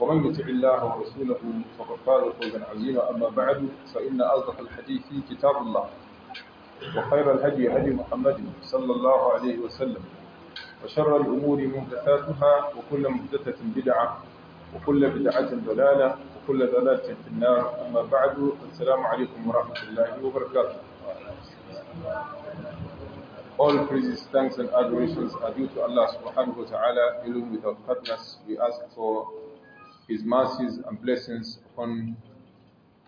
ومن يطع الله ورسوله فقد فاز فوزا عظيما اما بعد فان اصدق الحديث كتاب الله وخير الهدي هدي محمد صلى الله عليه وسلم وشر الامور محدثاتها وكل محدثه بدعه وكل بدعه ضلاله وكل ضلاله في النار اما بعد السلام عليكم ورحمه الله وبركاته All praises, thanks and adorations are due to Allah subhanahu wa ta'ala, alone without partners. We ask for His mercies and blessings upon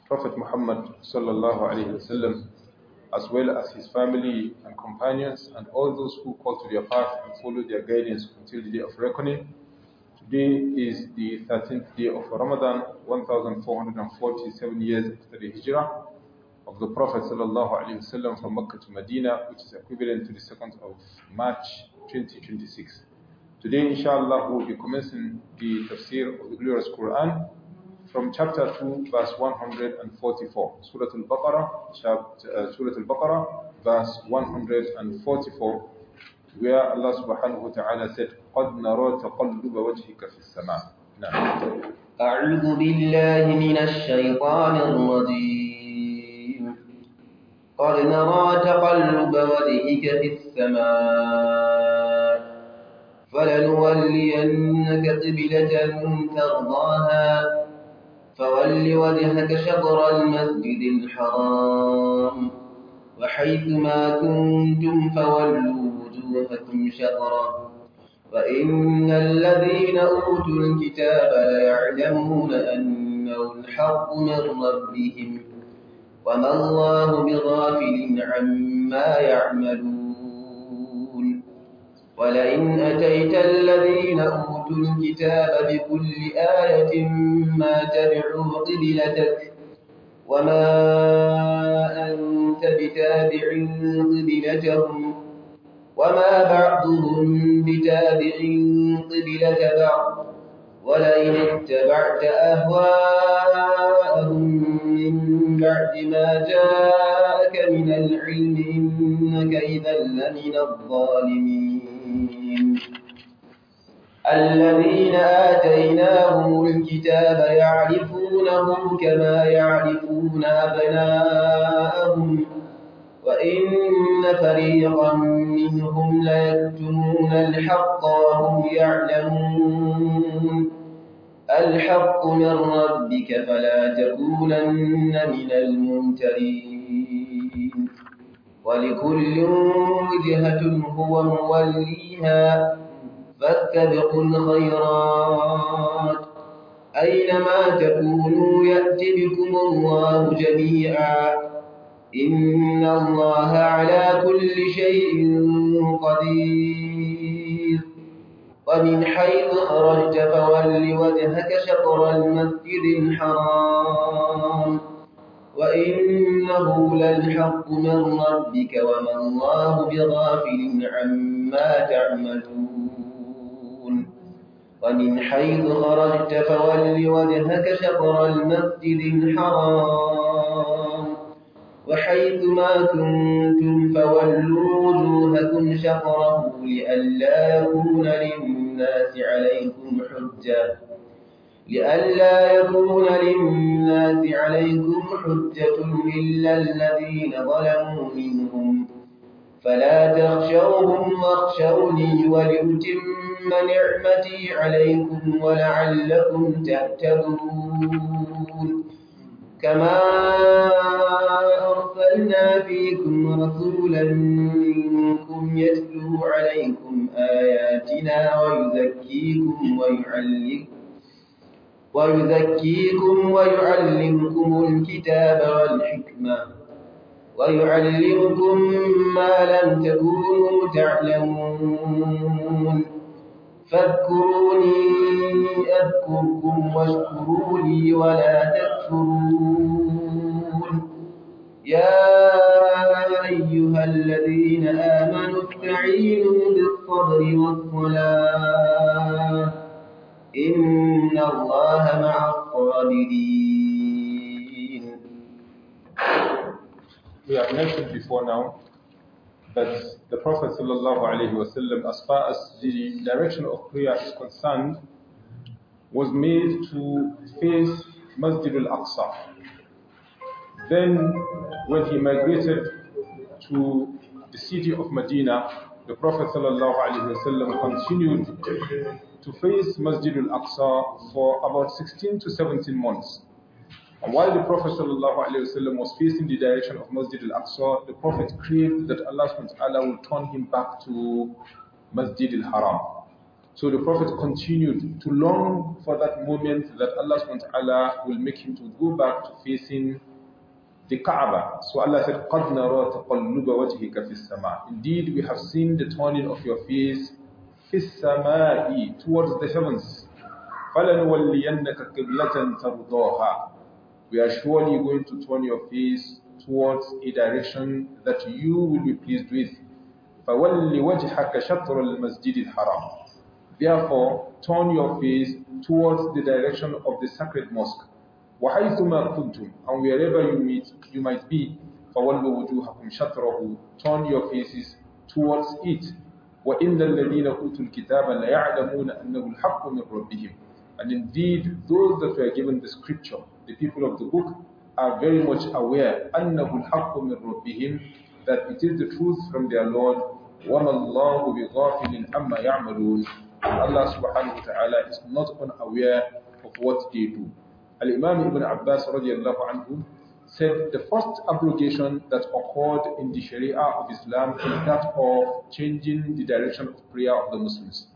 Prophet Muhammad sallallahu alaihi wasallam, as well as his family and companions, and all those who call to their path and follow their guidance until the day of reckoning. Today is the 13th day of Ramadan, 1447 years after the Hijrah of the Prophet sallallahu wasallam from Mecca to Medina, which is equivalent to the 2nd of March 2026. Today, inshallah, we'll be commencing the tafsir of the glorious Quran from chapter 2, verse 144. Surah Al-Baqarah, chapter, uh, Surah Al-Baqarah, verse 144, where Allah subhanahu wa ta'ala said, قَدْ نَرَى تَقَلُّبَ وَجْهِكَ فِي السَّمَاءِ نعم. أعوذ بالله من الشيطان الرجيم قد نرى تقلب وجهك في السماء فلنولينك قبلة ترضاها فول وجهك شطر المسجد الحرام وحيث ما كنتم فولوا وجوهكم شطرا وإن الذين أوتوا الكتاب ليعلمون أنه الحق من ربهم وما الله بغافل عما يعملون ولئن أتيت الذين أوتوا الكتاب بكل آية ما تبعوا قبلتك وما أنت بتابع قبلتهم وما بعضهم بتابع قبلة بعض ولئن اتبعت أهواءهم من بعد ما جاءك من العلم إنك إذا لمن الظالمين الذين آتيناهم الكتاب يعرفونه كما يعرفون أبناءهم وإن فريقا منهم ليكتمون الحق وهم يعلمون الحق من ربك فلا تكونن من الممترين ولكل وجهة هو موليها فاتبقوا الخيرات أينما تكونوا يأت بكم الله جميعا إن الله على كل شيء قدير ومن حيث خرجت فول وجهك شطر المسجد الحرام وإنه للحق من ربك وما الله بغافل عما تعملون ومن حيث خرجت فول وجهك شطر المسجد الحرام وحيث ما كنتم فولوا وجوهكم شطره لئلا يكون للناس عليكم حجه لئلا يكون للناس عليكم حجة إلا الذين ظلموا منهم فلا تخشوهم واخشوني ولأتم نعمتي عليكم ولعلكم تهتدون كما أرسلنا فيكم رسولا منكم يتلو عليكم آياتنا ويزكيكم ويعلمكم ويذكيكم ويعلمكم الكتاب والحكمة ويعلمكم ما لم تكونوا تعلمون فاذكروني أذكركم واشكروا لي ولا تكفرون يا أيها الذين آمنوا استعينوا بالصبر والصلاة إن الله مع الصابرين We have mentioned before now that the Prophet sallallahu wasallam, as far as the direction of prayer is concerned, was made to face Masjid al-Aqsa. Then, when he migrated to the city of Medina, the Prophet sallallahu wasallam continued to face Masjid al-Aqsa for about 16 to 17 months. And while the Prophet ﷺ was facing the direction of Masjid al-Aqsa, the Prophet craved that Allah subhanahu will turn him back to Masjid al-Haram. So the Prophet continued to long for that moment that Allah subhanahu will make him to go back to facing the Kaaba. So Allah said, قَدْ نَرَى تَقَلُّبَ وَجْهِكَ فِي السَّمَاءِ Indeed, we have seen the turning of your face towards the heavens فَلَنُوَلِّيَنَّكَ قِبْلَةً تَرْضَاهَا We are surely going to turn your face towards a direction that you will be pleased with. فَوَلِّ شَطْرَ الْمَسْجِدِ الْحَرَامِ Therefore, turn your face towards the direction of the sacred mosque. وَحَيْثُمَا كُنْتُمْ And wherever you meet, you might be, فَوَلُّ وُجُوهَكُمْ شَطْرَهُ Turn your faces towards it. وإن الذين أوتوا الكتاب ليعلمون أنه الحق من ربهم and indeed those that were given the scripture the people of the book are very much aware أنه الحق من ربهم that it is the truth from their Lord وما الله بغافل أما يعملون Allah subhanahu wa ta'ala is not unaware of what they do الإمام ابن عباس رضي الله عنه said the first abrogation that occurred in the Sharia of Islam is that of changing the direction of prayer of the Muslims.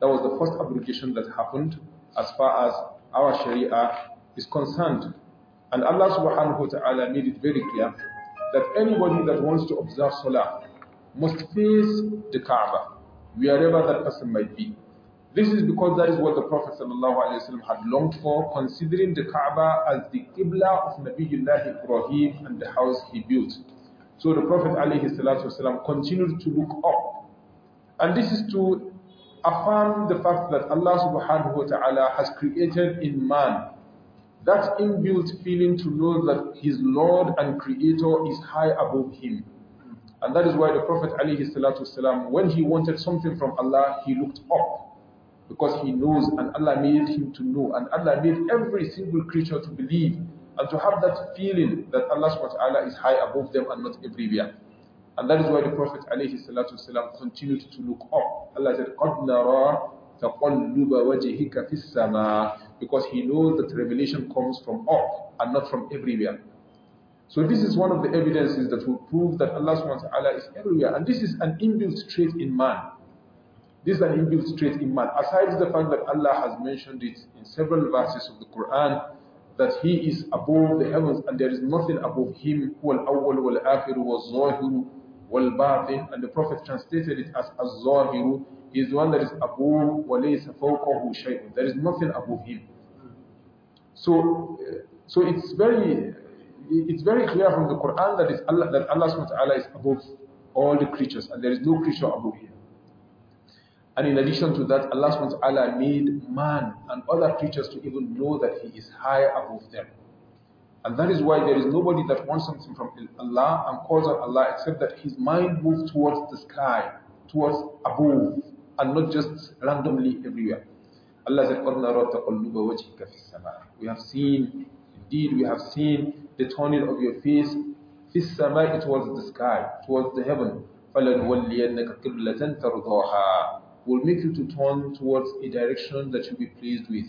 That was the first abrogation that happened as far as our Sharia is concerned. And Allah subhanahu wa ta'ala made it very clear that anybody that wants to observe Salah must face the Kaaba, wherever that person might be. This is because that is what the Prophet ﷺ had longed for, considering the Kaaba as the Qibla of Nabiullah Ibrahim and the house he built. So the Prophet ﷺ continued to look up. And this is to affirm the fact that Allah subhanahu wa ta'ala has created in man that inbuilt feeling to know that his Lord and Creator is high above him. And that is why the Prophet ﷺ, when he wanted something from Allah, he looked up because he knows and Allah made him to know and Allah made every single creature to believe and to have that feeling that Allah subhanahu wa ta'ala is high above them and not everywhere. And that is why the Prophet والسلام, continued to look up. Allah said, قَدْ نَرَى تَقَلُّبَ وَجِهِكَ فِي السَّمَاءِ Because he knows that revelation comes from up and not from everywhere. So this is one of the evidences that will prove that Allah subhanahu wa ta'ala is everywhere. And this is an inbuilt trait in man. This is an inbuilt trait in man. Aside from the fact that Allah has mentioned it in several verses of the Quran, that He is above the heavens and there is nothing above Him, who al-awwal wal-akhir wal-zahiru wal-batin, and the Prophet translated it as al-zahiru, He is the one that is above wa walaysa fawqahu shay'un. There is nothing above Him. So, uh, so it's very, it's very clear from the Quran that, it's Allah, that Allah subhanahu wa ta'ala is above all the creatures and there is no creature above Him. And in addition to that, Allah subhanahu wa ta'ala made man and other creatures to even know that He is high above them. And that is why there is nobody that wants something from Allah and calls on Allah except that his mind moves towards the sky, towards above, and not just randomly everywhere. Allah said, We have seen, indeed, we have seen the turning of your face, towards the sky, towards the heaven will make you to turn towards a direction that you'll be pleased with.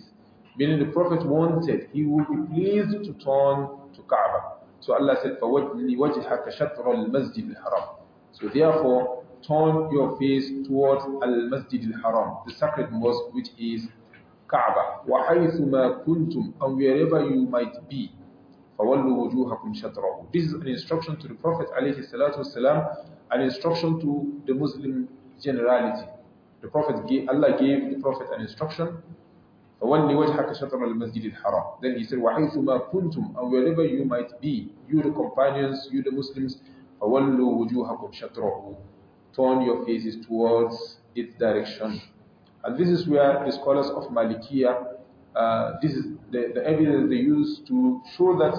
Meaning the Prophet wanted, he would be pleased to turn to Kaaba. So Allah said, فَوَجْهَكَ شَطْرَ الْمَسْجِدِ الْحَرَامِ So therefore, turn your face towards Al-Masjid Al-Haram, the sacred mosque which is Kaaba. وَحَيْثُمَا كُنْتُمْ And wherever you might be, وُجُوهَكُمْ This is an instruction to the Prophet والسلام, an instruction to the Muslim generality. The Prophet gave, Allah gave the Prophet an instruction. Then he said, وَحَيْثُ And wherever you might be, you the companions, you the Muslims, Turn your faces towards its direction. And this is where the scholars of Malikiya, uh, this is the, the evidence they use to show that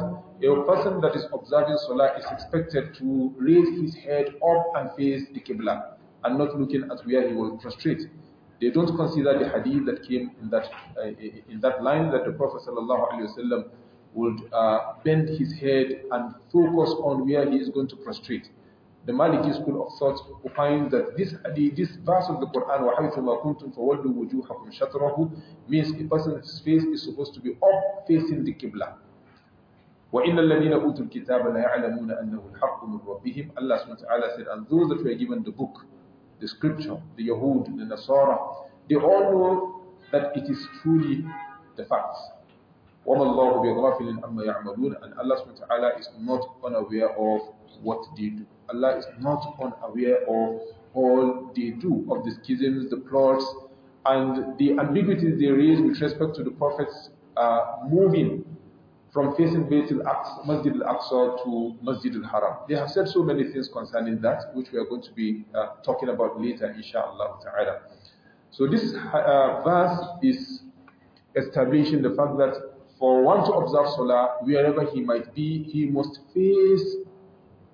a person that is observing Salah is expected to raise his head up and face the Qibla and not looking at where he will prostrate. They don't consider the hadith that came in that, uh, in that line that the Prophet ﷺ would uh, bend his head and focus on where he is going to prostrate. The Maliki school of thought opines that this hadith, this verse of the Quran, وَحَيْثُمَا كُنْتُمْ فَوَلُّوا وُجُوهَكُمْ means a person's face is supposed to be up facing the Qibla. وَإِنَّ الَّذِينَ أُوتُوا الْكِتَابَ لَيَعْلَمُونَ أَنَّهُ الْحَقُّ مِنْ رَبِّهِمْ Allah subhanahu wa ta'ala said, and those that were given the book, the scripture, the Yahud, the Nasara, they all know that it is truly the facts. And Allah subhanahu is not unaware of what they do. Allah is not unaware of all they do, of the schisms, the plots, and the ambiguities they raise with respect to the Prophet's uh, moving from facing al-Aqsa, Masjid al-Aqsa to Masjid al-Haram. They have said so many things concerning that, which we are going to be uh, talking about later, inshallah ta'ala. So this uh, verse is establishing the fact that for one to observe Salah, wherever he might be, he must face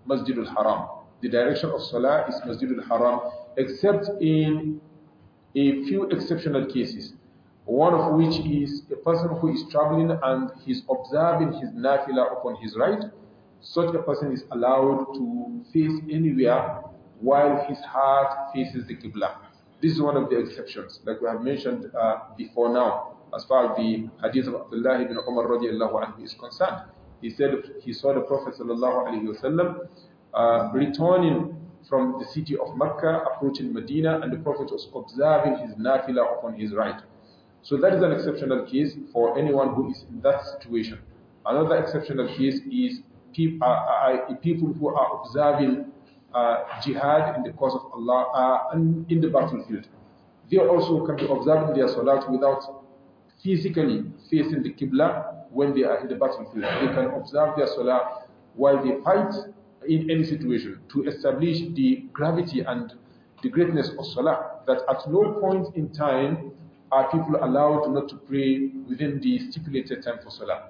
Masjid al-Haram. The direction of Salah is Masjid al-Haram, except in a few exceptional cases one of which is a person who is traveling and he's observing his nafila upon his right, such a person is allowed to face anywhere while his heart faces the Qibla. This is one of the exceptions that we have mentioned uh, before now, as far as the hadith of Abdullah ibn Umar radiallahu anhu is concerned. He said he saw the Prophet sallallahu alayhi wasallam uh, returning from the city of Mecca, approaching Medina, and the Prophet was observing his nafila upon his right. So that is an exceptional case for anyone who is in that situation. Another exceptional case is uh, uh, uh, people who are observing uh, jihad in the cause of Allah uh, and in the battlefield. They also can be observing their salat without physically facing the Qibla when they are in the battlefield. They can observe their salah while they fight in any situation to establish the gravity and the greatness of salah that at no point in time are people allowed not to pray within the stipulated time for salah?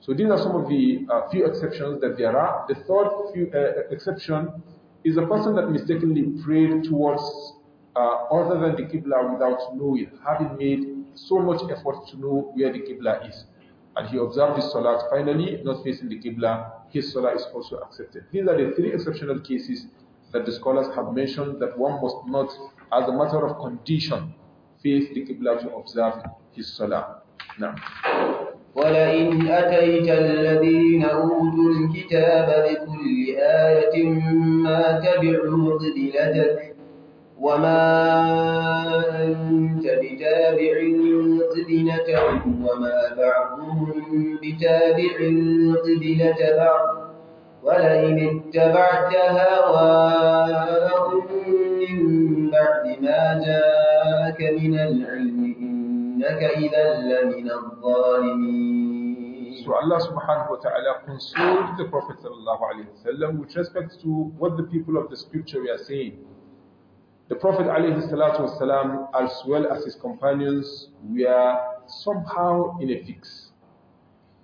So these are some of the uh, few exceptions that there are. The third few, uh, exception is a person that mistakenly prayed towards uh, other than the Qibla without knowing, having made so much effort to know where the Qibla is. And he observed his salah. finally, not facing the Qibla, his salah is also accepted. These are the three exceptional cases that the scholars have mentioned that one must not, as a matter of condition, face the Qibla to observe his salah. Now. ولئن أتيت الذين أوتوا الكتاب بكل آية ما تبعوا قبلتك وما أنت بتابع قبلتهم وما بعضهم بتابع قبلة بعض ولئن اتبعت هواءهم من بعد ما جاءك من العلم إنك إذا لمن الظالمين So Allah subhanahu wa ta'ala consoled the Prophet sallallahu alayhi wa sallam with respect to what the people of the scripture were saying. The Prophet والسلام, as well as his companions were somehow in a fix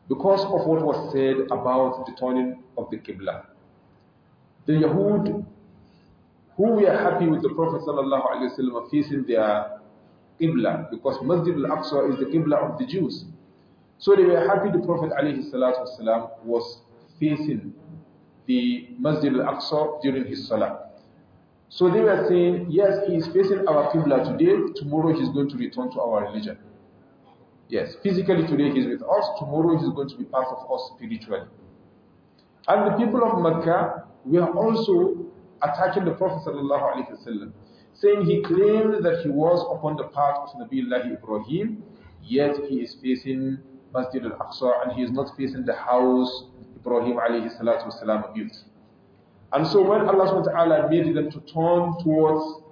because of what was said about the turning of the Qibla. The Yahud who were happy with the Prophet ﷺ facing their Qibla, because Masjid al-Aqsa is the Qibla of the Jews. So they were happy the Prophet ﷺ was facing the Masjid al-Aqsa during his Salah. So they were saying, yes, he is facing our Qibla today, tomorrow he's going to return to our religion. Yes, physically today he's with us, tomorrow he's going to be part of us spiritually. And the people of Mecca were also attacking the Prophet ﷺ, saying he claimed that he was upon the path of Nabiullah Ibrahim, yet he is facing Masjid al-Aqsa and he is not facing the house Ibrahim والسلام, built. And so when Allah Taala made them to turn towards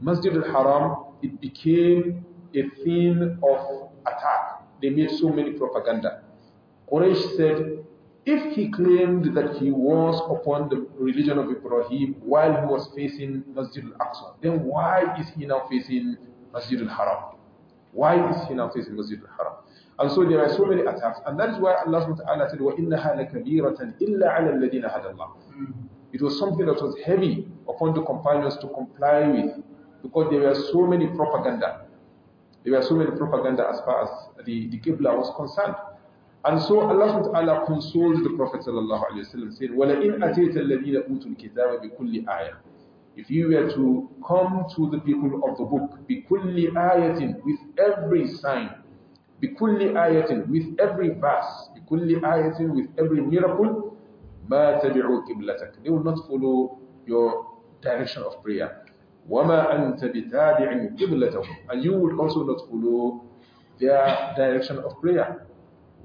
Masjid al-Haram, it became a theme of attack. They made so many propaganda. Quraysh said, if he claimed that he was upon the religion of Ibrahim while he was facing Masjid al-Aqsa, then why is he now facing Masjid al-Haram? Why is he now facing Masjid al-Haram? And so there are so many attacks. And that is why Allah subhanahu wa ta'ala said, وَإِنَّهَا لَكَبِيرَةً إِلَّا عَلَى الَّذِينَ هَدَى اللَّهُ It was something that was heavy upon the companions to comply with because there were so many propaganda. There were so many propaganda as far as the, the Qibla was concerned. And so Allah SWT consoles the Prophet ﷺ, saying, وَلَئِنْ أَتَيْتَ If you were to come to the people of the book, بِكُلِّ آيَةٍ With every sign, بِكُلِّ آيَةٍ With every verse, بِكُلِّ آيَةٍ With every miracle, مَا They will not follow your direction of prayer. وَمَا أَنْتَ بِتَابِعٍ قِبْلَتَهُمْ And you will also not follow their direction of prayer.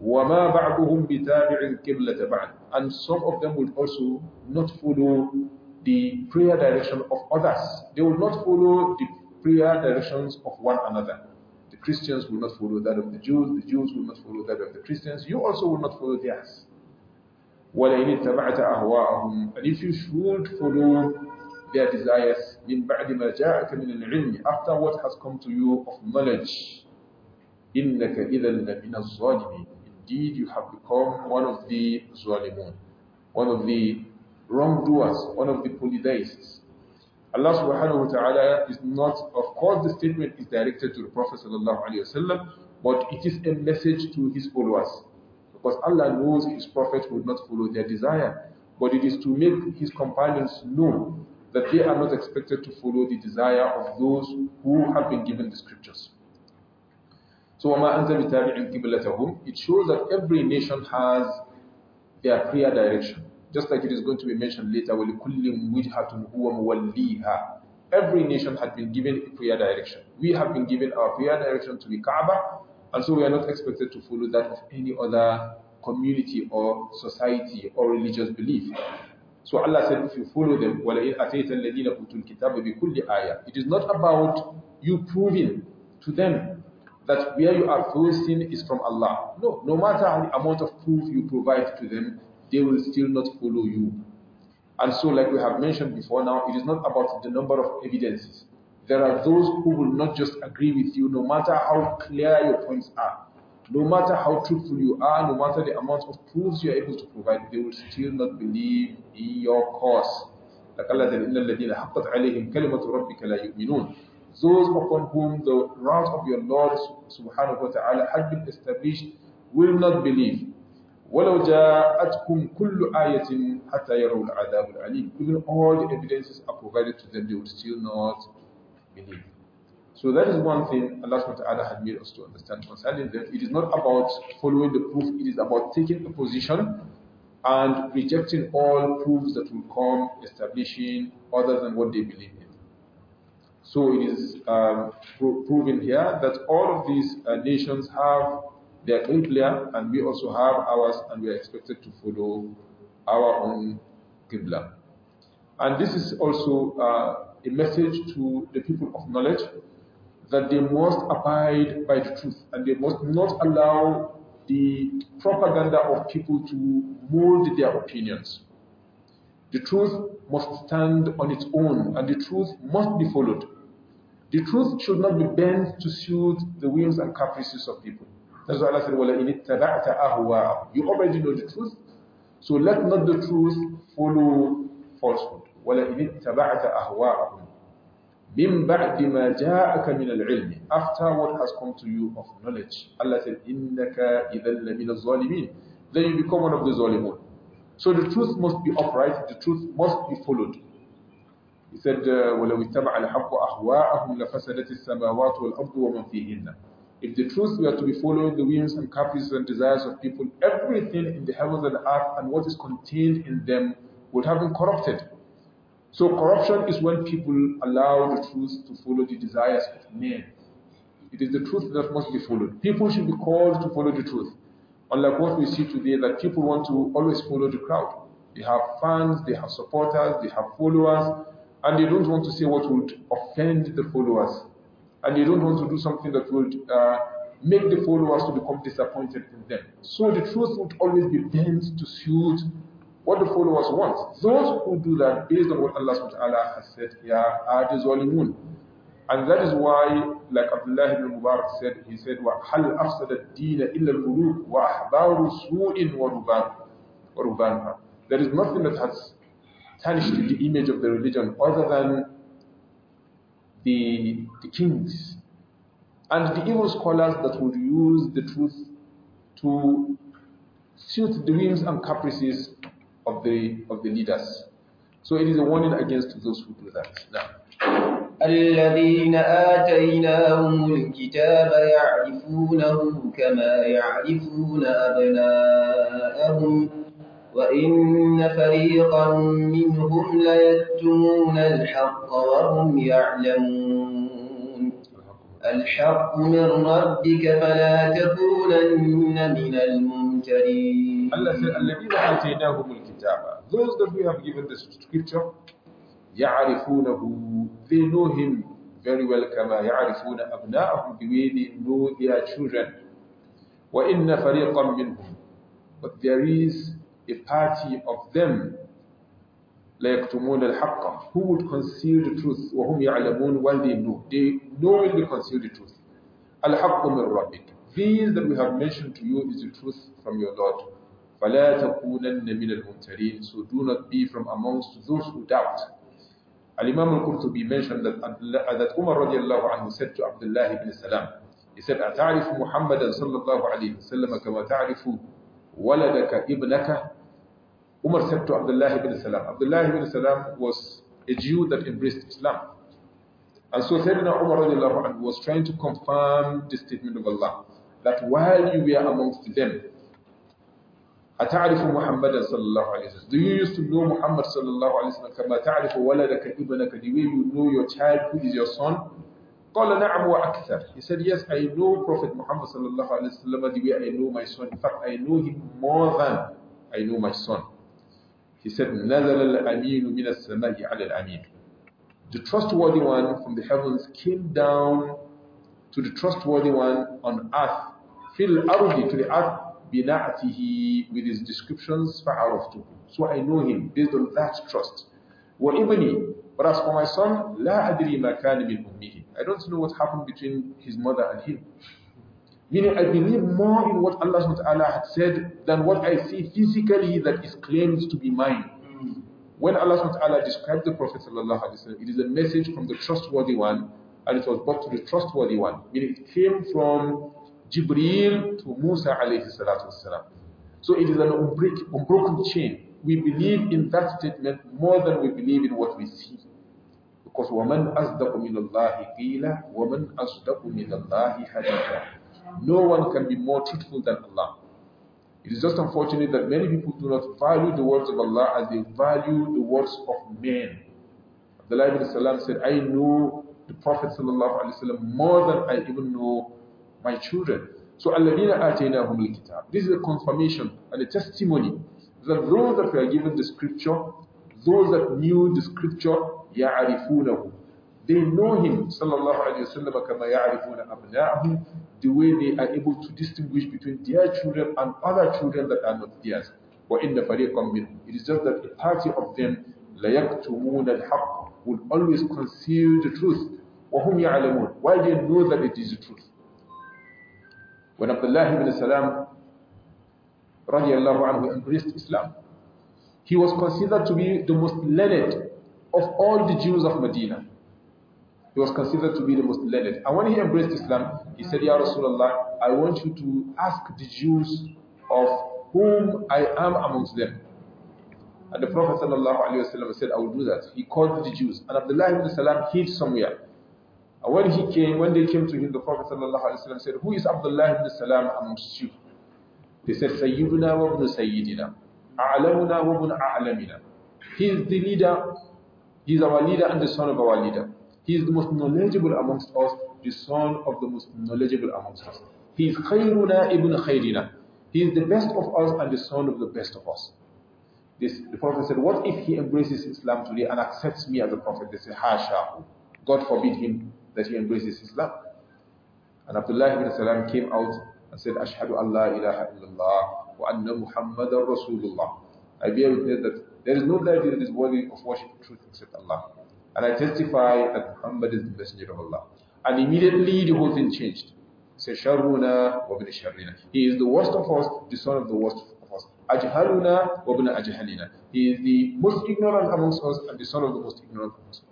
وَمَا بَعْضُهُمْ بِتَابِعٍ And some of them will also not follow the prayer direction of others. They will not follow the prayer directions of one another. The Christians will not follow that of the Jews, the Jews will not follow that of the Christians, you also will not follow theirs. وَلَئِنِ اتَّبَعْتَ أَهْوَاءَهُمْ And if you should follow their desires, مِنْ بَعْدِ مَا جَاءَكَ مِنَ الْعِلْمِ After what has come to you of knowledge, إِنَّكَ إِذَا لَمِنَ الظَّالِمِينَ Indeed, you have become one of the Zualimun, one of the wrongdoers, one of the polytheists. Allah subhanahu wa ta'ala is not, of course, the statement is directed to the Prophet sallallahu alayhi wasallam, but it is a message to his followers. Because Allah knows his Prophet would not follow their desire, but it is to make his companions know that they are not expected to follow the desire of those who have been given the scriptures. So, وَمَا أَنْتَ بِتَابِعٍ قِبْلَتَهُمْ It shows that every nation has their prayer direction. Just like it is going to be mentioned later, وَلِكُلِّمْ وِجْهَةٌ هُوَ مُوَلِّيهَا Every nation had been given a prayer direction. We have been given our prayer direction to be Kaaba, and so we are not expected to follow that of any other community or society or religious belief. So Allah said, if you follow them, وَلَئِنْ أَتَيْتَ الَّذِينَ أُوتُوا الْكِتَابَ بِكُلِّ آيَةٍ It is not about you proving to them that where you are fasting is from Allah. No, no matter how the amount of proof you provide to them, they will still not follow you. And so, like we have mentioned before now, it is not about the number of evidences. There are those who will not just agree with you, no matter how clear your points are. No matter how truthful you are, no matter the amount of proofs you are able to provide, they will still not believe in your cause. Like Allah إِنَّ الَّذِينَ حَقَّتْ عَلَيْهِمْ كَلِمَةُ رَبِّكَ لَا يُؤْمِنُونَ those upon whom the wrath of your Lord subhanahu wa ta'ala had been established will not believe. وَلَوْ جَاءَتْكُمْ كُلُّ آيَةٍ حَتَّى يَرَوْا الْعَذَابُ الْعَلِيمُ Even all the evidences are provided to them, they would still not believe. So that is one thing Allah subhanahu wa ta'ala had made us to understand concerning them. It is not about following the proof, it is about taking a position and rejecting all proofs that will come establishing other than what they believe so it is um, pro proven here that all of these uh, nations have their own and we also have ours, and we are expected to follow our own Qibla. And this is also uh, a message to the people of knowledge that they must abide by the truth and they must not allow the propaganda of people to mold their opinions. The truth must stand on its own and the truth must be followed. The truth should not be bent to suit the whims and caprices of people. That's why Allah said, وَلَئِنِ اتَّبَعْتَ أَهْوَاءَهُمْ You already know the truth, so let not the truth follow falsehood. وَلَئِنِ اتَّبَعْتَ أَهْوَاءَهُمْ مِنْ بَعْدِ مَا جَاءَكَ مِنَ الْعِلْمِ After what has come to you of knowledge. Allah said, إِنَّكَ إِذَا لَمِنَ الظَّالِمِينَ Then you become one of the zalimun. So the truth must be upright, the truth must be followed. He said, وَلَوْ اتَّبَعَ الْحَقُّ لَفَسَدَتِ السَّمَاوَاتُ وَالْأَرْضُ وَمَنْ فِيهِنَّ If the truth were to be following the whims and caprices and desires of people, everything in the heavens and earth and what is contained in them would have been corrupted. So corruption is when people allow the truth to follow the desires of men. It is the truth that must be followed. People should be called to follow the truth. Unlike what we see today, that people want to always follow the crowd. They have fans, they have supporters, they have followers, and they don't want to say what would offend the followers. And they don't want to do something that would uh, make the followers to become disappointed in them. So the truth would always be bent to suit what the followers want. Those who do that based on what Allah subhanahu wa ta'ala has said here are the zalimun. And that is why, like Abdullah ibn Mubarak said, he said, وَحَلْ أَفْسَدَ الدِّينَ إِلَّا الْقُلُوبِ وَأَحْبَارُ سُوءٍ وَرُبَانُهَا There is nothing that has tarnished the image of the religion other than the, the kings and the evil scholars that would use the truth to suit the whims and caprices of the of the leaders. So it is a warning against those who do that. Now. الذين آتيناهم الكتاب يعرفونه كما يعرفون أبناءهم وإن فريقا منهم ليكتمون الحق وهم يعلمون الحق من ربك فلا تكونن من الممترين Allah said, الذين آتيناهم الكتاب Those that we have given this scripture يعرفونه They know him very well كما يعرفون أبناءهم the way they know their children وإن فريقا منهم But there is a party of them al الْحَقَّ Who would conceal the truth? وَهُمْ يَعْلَمُون While they know. They knowingly conceal the truth. These that we have mentioned to you is the truth from your Lord. So do not be from amongst those who doubt. Al-Imam al-Qurtubi mentioned that, that Umar radiyallahu anhu said to Abdullah ibn Salam, he said, أَتَعْرِفُ مُحَمَّدًا صَلَّى اللَّهُ عَلَيْهِ وَسَلَّمَ كَمَا تَعْرِفُ وَلَدَكَ إِبْنَكَ Umar said to Abdullah ibn Salam, Abdullah ibn Salam was a Jew that embraced Islam. And so Sayyidina Umar was trying to confirm the statement of Allah that while you were amongst them, أتعرف محمدا صلى الله عليه وسلم Do you used to know Muhammad صلى الله عليه وسلم كما تعرف ولدك ابنك you know your child who is your son قال نعم وأكثر He said yes I know Prophet Muhammad صلى الله عليه وسلم the way I know my son in fact I know him more than I know my son he said, al-amin min مِنَ السَّمَاءِ عَلَى amin." The trustworthy one from the heavens came down to the trustworthy one on earth. Fill الْأَرْضِ To the earth بِنَعْتِهِ With his descriptions فَعَرَفْتُهُ So I know him based on that trust. وَإِبْنِي But as for my son, لَا I don't know what happened between his mother and him. Meaning, I believe more in what Allah SWT had said than what I see physically that is claimed to be mine. Mm. When Allah SWT described the Prophet وسلم, it is a message from the trustworthy one, and it was brought to the trustworthy one. Meaning, it came from Jibreel to Musa alayhi salatu wasalam. So it is an unbroken chain. We believe in that statement more than we believe in what we see. Because وَمَنْ أَصْدَقُ مِنَ اللَّهِ قِيلًا وَمَنْ أَصْدَقُ مِنَ اللَّهِ حَدِيثًا no one can be more truthful than Allah. It is just unfortunate that many people do not value the words of Allah as they value the words of men. Abdullah ibn said, I know the Prophet ﷺ more than I even know my children. So, This is a confirmation and a testimony that those that were given the scripture, those that knew the scripture, they know him, sallallahu alayhi wasallam, kama ya'rifuna abna'ahum, the way they are able to distinguish between their children and other children that are not theirs. وَإِنَّ فَرِيقًا مِّنْهُمْ It is just that a party of them, لَيَكْتُمُونَ haq Will always conceal the truth. وَهُمْ يَعْلَمُونَ While they know that it is the truth. When Abdullah ibn Salam radiallahu anhu embraced Islam, he was considered to be the most learned of all the Jews of Medina. He was considered to be the most learned. And when he embraced Islam, he said, Ya Rasulullah, I want you to ask the Jews of whom I am amongst them. And the Prophet ﷺ said, I will do that. He called the Jews. And Abdullah ibn Salam hid somewhere. And when he came, when they came to him, the Prophet ﷺ said, Who is Abdullah ibn Salam amongst you? They said, Sayyiduna wa ibn Sayyidina. A'lamuna wa ibn A'lamina. He is the leader, he is our leader and the son of our leader. He is the most knowledgeable amongst us, the son of the most knowledgeable amongst us. He is khayruna ibn khayrina. He is the best of us and the son of the best of us. This, the Prophet said, what if he embraces Islam today and accepts me as a Prophet? They say, hasha. God forbid him that he embraces Islam. And Abdullah ibn Salam came out and said, Ashhadu Allah ilaha illallah wa anna Muhammadan Rasulullah. I bear witness that there is no deity that is worthy of worship truth except Allah. And I testify that Muhammad is the messenger of Allah. And immediately the whole thing changed. He is the worst of us, the son of the worst of us. Ajahaluna wa ajahalina. He is the most ignorant amongst us and the son of the most ignorant amongst us.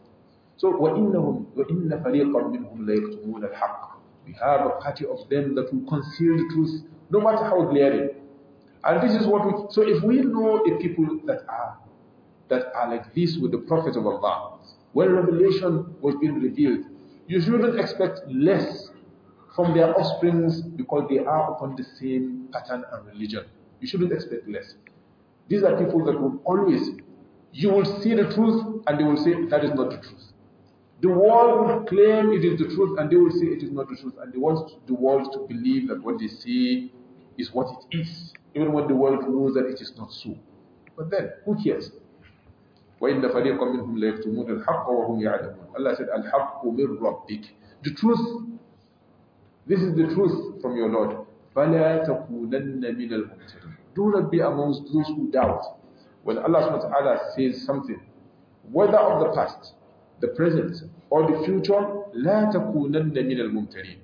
So, We have a party of them that will conceal the truth, no matter how glaring. And this is what we... So if we know a people that are, that are like this with the prophets of Allah, when revelation was being revealed. You shouldn't expect less from their offsprings because they are upon the same pattern and religion. You shouldn't expect less. These are people that will always, you will see the truth and they will say that is not the truth. The world will claim it is the truth and they will say it is not the truth and they want the world to believe that what they see is what it is, even when the world knows that it is not so. But then, who cares? وَإِنَّ فَرِيقًا مِّنْهُمْ لَيَكْتُمُونَ الْحَقَّ وَهُمْ يَعْلَمُونَ Allah said, الْحَقُّ مِنْ رَبِّكَ The truth. This is the truth from your Lord. فَلَا تَكُونَنَّ مِنَ الْمُمْتَرِينَ Do not be amongst those who doubt. When Allah subhanahu wa ta'ala says something, whether of the past, the present, or the future, لَا تَكُونَنَّ مِنَ الْمُمْتَرِينَ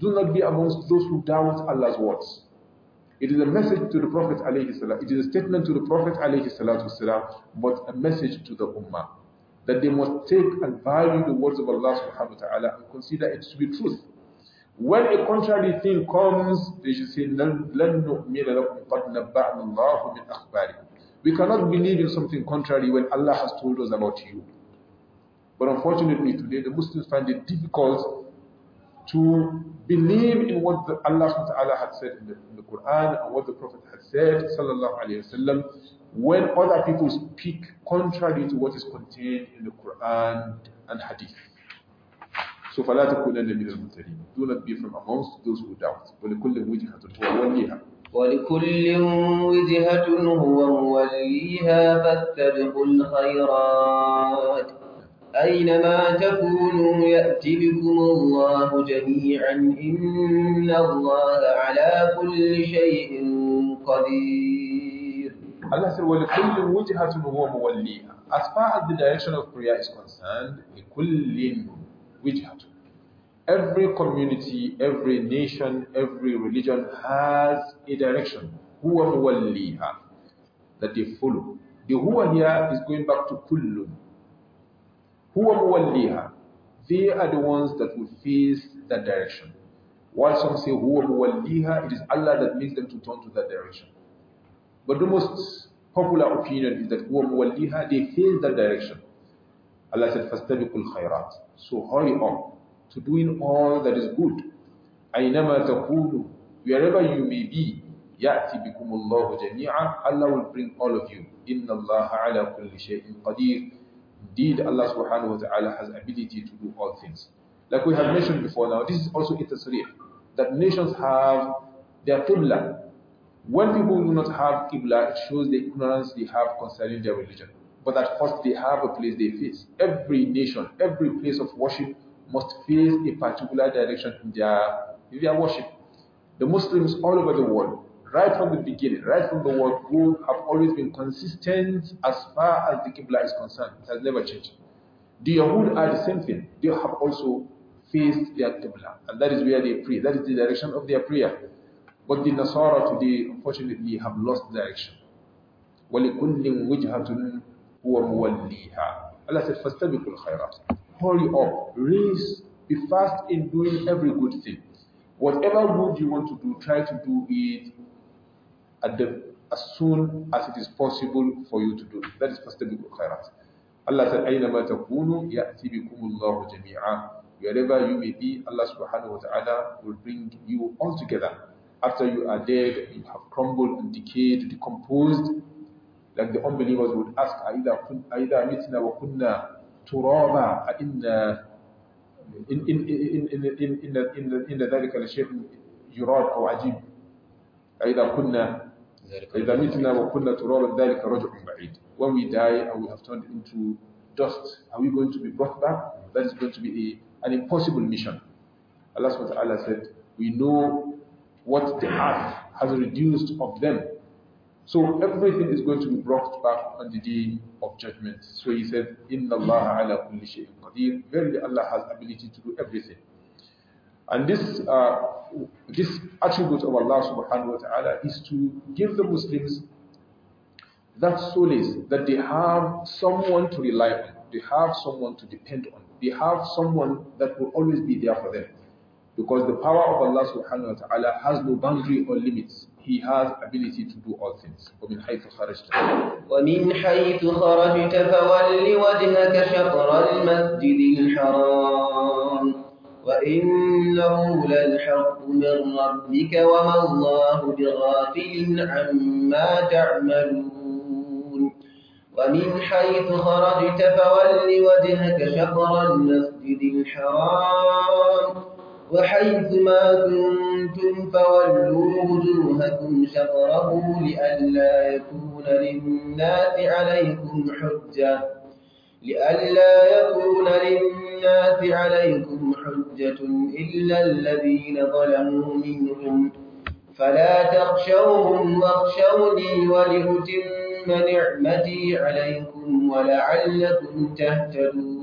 Do not be amongst those who doubt Allah's words. It is a message to the Prophet alayhi It is a statement to the Prophet alayhi but a message to the Ummah. That they must take and value the words of Allah subhanahu wa ta'ala and consider it to be truth. When a contrary thing comes, they should say, We cannot believe in something contrary when Allah has told us about you. But unfortunately today, the Muslims find it difficult to believe in what the, Allah Taala had said in the, in the, Quran and what the Prophet had said, sallallahu alayhi wasallam, when other people speak contrary to what is contained in the Quran and Hadith. So فَلَا تَكُونَنَّ مِنَ الْمُمْتَرِينَ Do not be from amongst those who doubt. وَلِكُلِّ وِجْهَةٌ وَوَلِّيهَا ولكل وجهة هو موليها فاستبقوا الخيرات أينما تكونوا يأتي بكم الله جميعا إن الله على كل شيء قدير الله سر ولكل وجهة هو موليها As far as the direction of prayer is concerned, لِكُلِّ وِجْهَةٌ Every community, every nation, every religion has a direction. هُوَ مُوَلِّيهَا That they follow. The huwa here is going back to kullun. Huwa muwalliha. They are the ones that will face that direction. While some say huwa muwalliha, it is Allah that makes them to turn to that direction. But the most popular opinion is that Who huwa muwalliha, they face that direction. Allah said, فَاسْتَبِقُوا الْخَيْرَاتِ So hurry on to doing all that is good. أَيْنَمَا تَكُونُوا Wherever you may be, يأتي بكم الله جميعا Allah will bring all of you إن الله على كل شيء قدير Indeed, Allah subhanahu wa ta'ala has ability to do all things. Like we have mentioned before now, this is also interceding that nations have their qibla. When people do not have qibla, it shows the ignorance they have concerning their religion. But at first, they have a place they face. Every nation, every place of worship must face a particular direction in their, in their worship. The Muslims all over the world, right from the beginning, right from the word who have always been consistent as far as the Qibla is concerned. It has never changed. The Yahud are the same thing. They have also faced their Qibla. And that is where they pray. That is the direction of their prayer. But the Nasara today, unfortunately, have lost direction. وَلِكُلِّمْ وِجْهَةٌ هُوَ مُوَلِّيهَا Allah said, فَاسْتَبِقُوا الْخَيْرَاتِ Hurry up. Raise. Be fast in doing every good thing. Whatever good you want to do, try to do it the, as soon as it is possible for you to do. That is is first of Khairat. Allah said, أَيْنَمَا تَكُونُوا يَأْتِي بِكُمُ اللَّهُ جَمِيعًا Wherever you may be, Allah subhanahu wa ta'ala will bring you all together. After you are dead, you have crumbled and decayed, decomposed, like the unbelievers would ask, أَإِذَا مِتْنَا وَكُنَّا تُرَابًا أَإِنَّا ان ان ان ان ان ان ان ذلك لشيء يراد أو عجيب اِذا كنا إذا متنا وكنا ذلك رجع بعيد. When we die and we have turned into dust, are we going to be brought back? That is going to be a, an impossible mission. Allah subhanahu wa ta'ala said, we know what the earth has reduced of them. So everything is going to be brought back on the day of judgment. So he said, Inna Allah ala kulli shay'in qadir. Verily Allah has ability to do everything. And this, uh, this attribute of Allah subhanahu wa ta'ala is to give the Muslims that solace that they have someone to rely on, they have someone to depend on, they have someone that will always be there for them. Because the power of Allah subhanahu wa ta'ala has no boundary or limits. He has ability to do all things. وَمِنْ حَيْثُ خَرَجْتَ وَمِنْ حَيْثُ خَرَجْتَ فَوَلِّ وَجْهَكَ شَطْرَ الْمَسْجِدِ الْحَرَامِ وإنه للحق من ربك وما الله بغافل عما تعملون ومن حيث خرجت فول وجهك شطر المسجد الحرام وحيث ما كنتم فولوا وجوهكم شطره لئلا يكون للناس عليكم حجه لئلا يكون للناس عليكم حجة إلا الذين ظلموا منهم فلا تخشوهم واخشوني ولأتم نعمتي عليكم ولعلكم تهتدون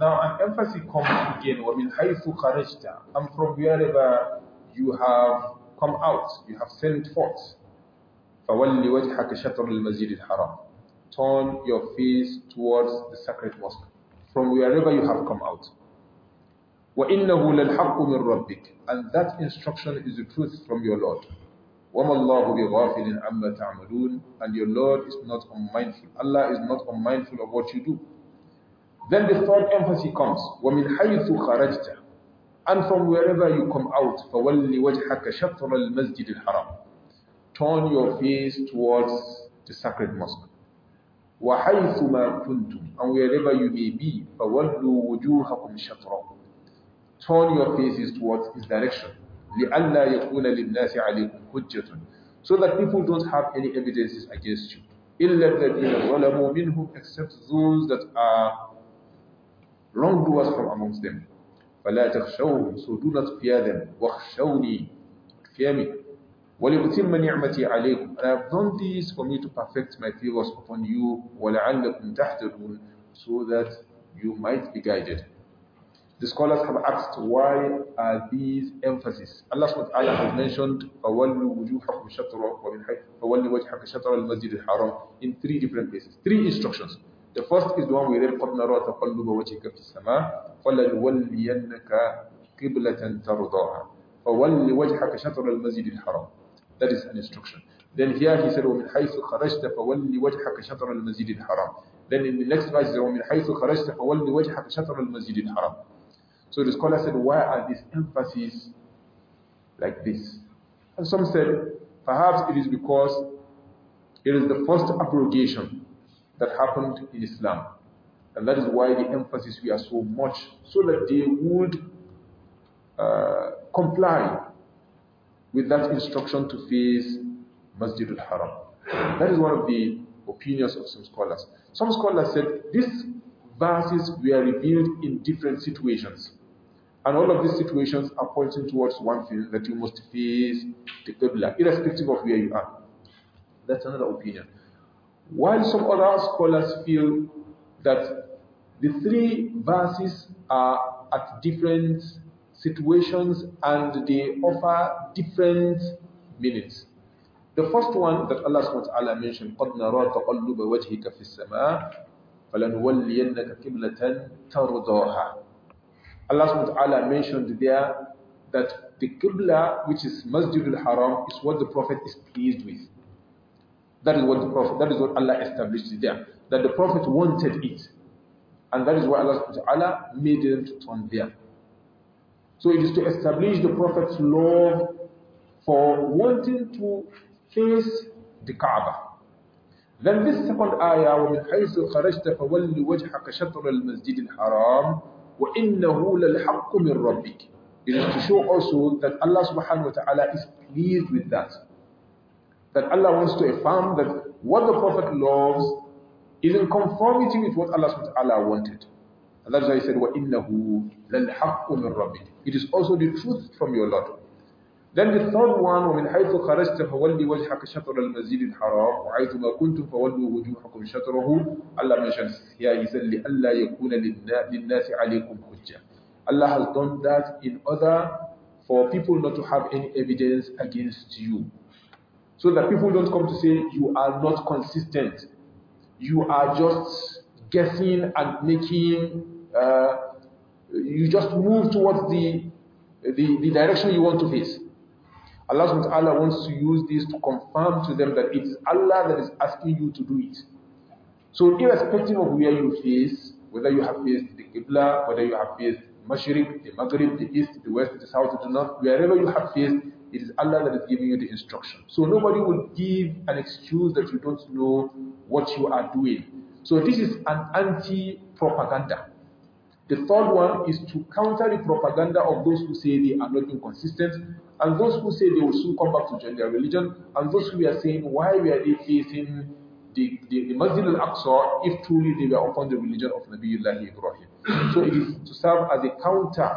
Now an emphasis comes again وَمِنْ حَيْثُ خَرَجْتَ And from wherever you have come out, you have sent forth فولي وجهك شَطْرِ الْمَسْجِدِ الْحَرَامِ turn your face towards the sacred mosque from wherever you have come out. وَإِنَّهُ لَلْحَقُّ مِنْ رَبِّكَ And that instruction is the truth from your Lord. وَمَا اللَّهُ بِغَافِلٍ عَمَّا تَعْمَلُونَ And your Lord is not unmindful. Allah is not unmindful of what you do. Then the third emphasis comes. وَمِنْ حَيْثُ خَرَجْتَ And from wherever you come out, فَوَلِّ وَجْحَكَ شَطْرَ الْمَسْجِدِ الْحَرَامِ Turn your face towards the sacred mosque. وَحَيْثُمَا كُنْتُمْ And wherever you may be, فَوَلُّوا وُجُوهَكُمْ شَطْرًا Turn your faces towards His direction. لِأَلَّا يَكُونَ لِلنَّاسِ عَلَيْكُمْ حُجَّةٌ So that people don't have any evidences against you. Except those that are wrongdoers from amongst them. فَلَا تَخْشَوْهُمْ So do not fear them. Fear me. وَلِأُتِمَّ نِعْمَتِي عَلَيْكُمْ And I have done this for me to perfect my favors upon you وَلَعَلَّكُمْ تحترون So that you might be guided. The scholars have asked why are these emphasis Allah SWT has mentioned فَوَلُّوا وُجُوهَكُمْ شَطْرًا وَمِنْ حَيْثُ فَوَلِّ وَجْهَكَ شَطْرًا الْمَسْجِدِ الْحَرَامِ in three different places. Three instructions. The first is the one we read قَدْ نَرَى تَقَلُّبَ وَجْهِكَ فِي السَّمَاءِ فَلَنُوَلِّيَنَّكَ قِبْلَةً تَرْضَاهَا فَوَلِّ وَجْهَكَ شَطْرَ الْمَسْجِدِ الْحَرَامِ That is an instruction. Then here he said, وَمِنْ حَيْثُ خَرَجْتَ فَوَلِّ وَجْهَكَ شَطْرَ الْمَسْجِدِ الْحَرَامِ Then in the next verse, وَمِنْ حَيْثُ خَرَجْتَ فَوَلِّ وَجْهَكَ شَطْرَ الْمَسْجِدِ الْحَرَامِ So the scholar said, why are these emphases like this? And some said, perhaps it is because it is the first abrogation that happened in Islam. And that is why the emphasis we are so much, so that they would uh, comply with that instruction to face Masjid al-Haram. That is one of the opinions of some scholars. Some scholars said these verses were revealed in different situations. And all of these situations are pointing towards one thing that you must face the Qibla, irrespective of where you are. That's another opinion. While some other scholars feel that the three verses are at different situations, and they offer different meanings. The first one that Allah subhanahu wa ta'ala mentioned, قَدْ نَرَى تَقَلُّبَ وَجْهِكَ فِي السَّمَاءِ فَلَنُوَلِّيَنَّكَ قِبْلَةً تَرْضَاهَا Allah subhanahu wa ta'ala mentioned there that the Qibla, which is Masjid al-Haram, is what the Prophet is pleased with. That is what the Prophet, that is what Allah established there. That the Prophet wanted it. And that is why Allah subhanahu wa ta'ala made them to turn there. So it is to establish the Prophet's love for wanting to face the Kaaba. Then this second ayah, وَمِنْ حَيْثُ خَرَجْتَ فَوَلِّ وَجْهَكَ شَطْرَ الْمَسْجِدِ الْحَرَامِ وَإِنَّهُ لَلْحَقُّ مِنْ رَبِّكِ It is to show also that Allah subhanahu wa ta'ala is pleased with that. That Allah wants to affirm that what the Prophet loves is in conformity with what Allah subhanahu wa ta'ala wanted. And that's why he said, وَإِنَّهُ لَلْحَقُّ مِنْ رَبِّكَ It is also the truth from your Lord. Then the third one, وَمِنْ حَيْثُ خَرَجْتَ فَوَلِّ وَجْهَكَ شَطْرَ الْمَسْجِدِ الْحَرَامِ وَحَيْثُ كُنْتُمْ فَوَلُّوا وُجُوهَكُمْ شَطْرَهُ Allah mentions here, he said, لِأَلَّا يَكُونَ لِلنَّاسِ عَلَيْكُمْ حُجَّةً Allah has done that in order for people not to have any evidence against you. So that people don't come to say, you are not consistent. You are just guessing and making uh, you just move towards the, the, the direction you want to face. Allah wants to use this to confirm to them that it is Allah that is asking you to do it. So irrespective of where you face, whether you have faced the Qibla, whether you have faced Mashriq, the Maghrib, the East, the West, the South, the North, wherever you have faced, it is Allah that is giving you the instruction. So nobody will give an excuse that you don't know what you are doing. So this is an anti-propaganda. The third one is to counter the propaganda of those who say they are not inconsistent, and those who say they will soon come back to join their religion, and those who are saying why we they facing the, the, the Masjid al-Aqsa if truly they were upon the religion of Nabiullah Ibrahim. so it is to serve as a counter,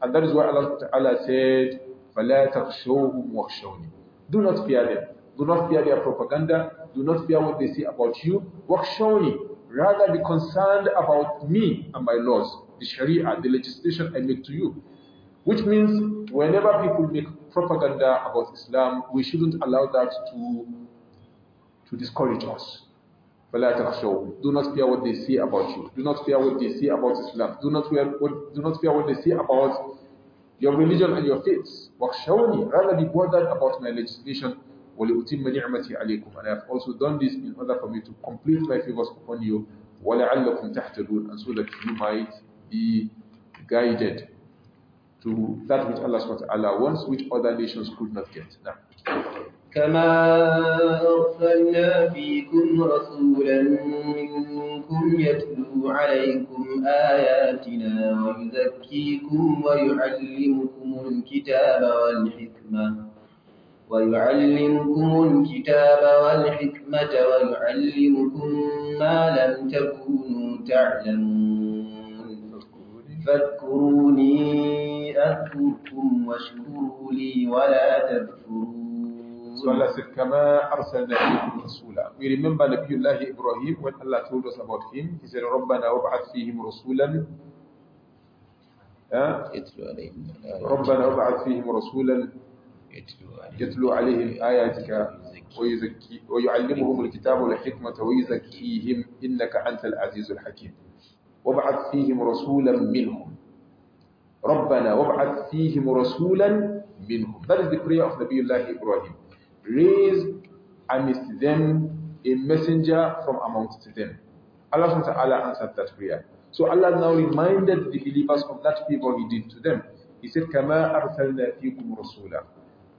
and that is why Allah Ta'ala said, فَلَا Do not fear them. Do not fear their propaganda. Do not fear what they say about you. وَخْشَوْنِي Rather be concerned about me and my laws the Sharia, the legislation I make to you. Which means whenever people make propaganda about Islam, we shouldn't allow that to, to discourage us. Do not fear what they say about you. Do not fear what they say about Islam. Do not fear what, do not fear what they say about your religion and your faith. وَخْشَوْنِي Rather be bothered about my legislation. And I have also done this in order for me to complete my favors upon you. And so that you might be guided to that which Allah subhanahu wa ta'ala wants, which other nations could not get. Now. كما أرسلنا فيكم رسولا منكم يتلو عليكم آياتنا ويزكيكم ويعلمكم الكتاب والحكمة ويعلمكم الكتاب والحكمة ويعلمكم ما لم تكونوا تعلمون فاذكروني أذكركم واشكروا لي ولا تذكرون So كما أرسلنا إليكم رسولا. We remember Nabi Allah Ibrahim when Allah told us about him. He said, ربنا وابعث فيهم رسولا ربنا وابعث فيهم رسولا يتلو عليهم آياتك ويزكي ويعلمهم الكتاب والحكمة ويزكيهم إنك أنت العزيز الحكيم. وابعث فيهم رسولا منهم ربنا وابعث فيهم رسولا منهم That is the prayer of Nabiullah Ibrahim Raise amidst them a messenger from amongst them Allah subhanahu ta'ala answered that prayer So Allah now reminded the believers of that favor he did to them He said كَمَا أَرْسَلْنَا فِيكُمْ رَسُولًا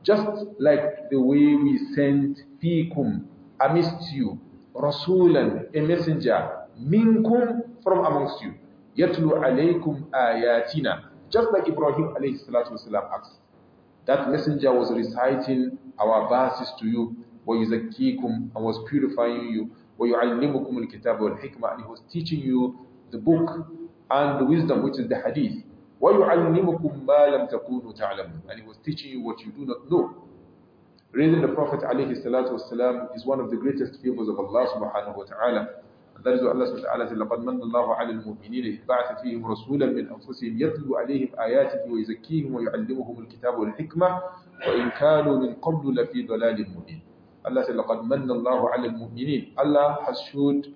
Just like the way we sent فِيكُمْ amidst you رَسُولًا a messenger minkum from amongst you. Yatlu alaykum ayatina. Just like Ibrahim alayhi salatu wasalam asked. That messenger was reciting our verses to you, وَيُزَكِّيكُمْ and was purifying you, وَيُعَلِّمُكُمُ الْكِتَابَ وَالْحِكْمَةَ and he was teaching you the book and the wisdom which is the hadith. وَيُعَلِّمُكُمْ مَا لَمْ تَكُونُوا تَعْلَمُونَ and he was teaching you what you do not know. Raising the Prophet alayhi salatu wasalam is one of the greatest favors of Allah subhanahu wa ta'ala فدرس الله سبحانه وتعالى لقد من الله على المؤمنين إذ بعث فيهم رسولا من أنفسهم يتلو عليهم آياته ويزكيهم ويعلمهم الكتاب والحكمة وإن كانوا من قبل لفي ضلال مبين Allah said, لقد من الله على المؤمنين Allah has showed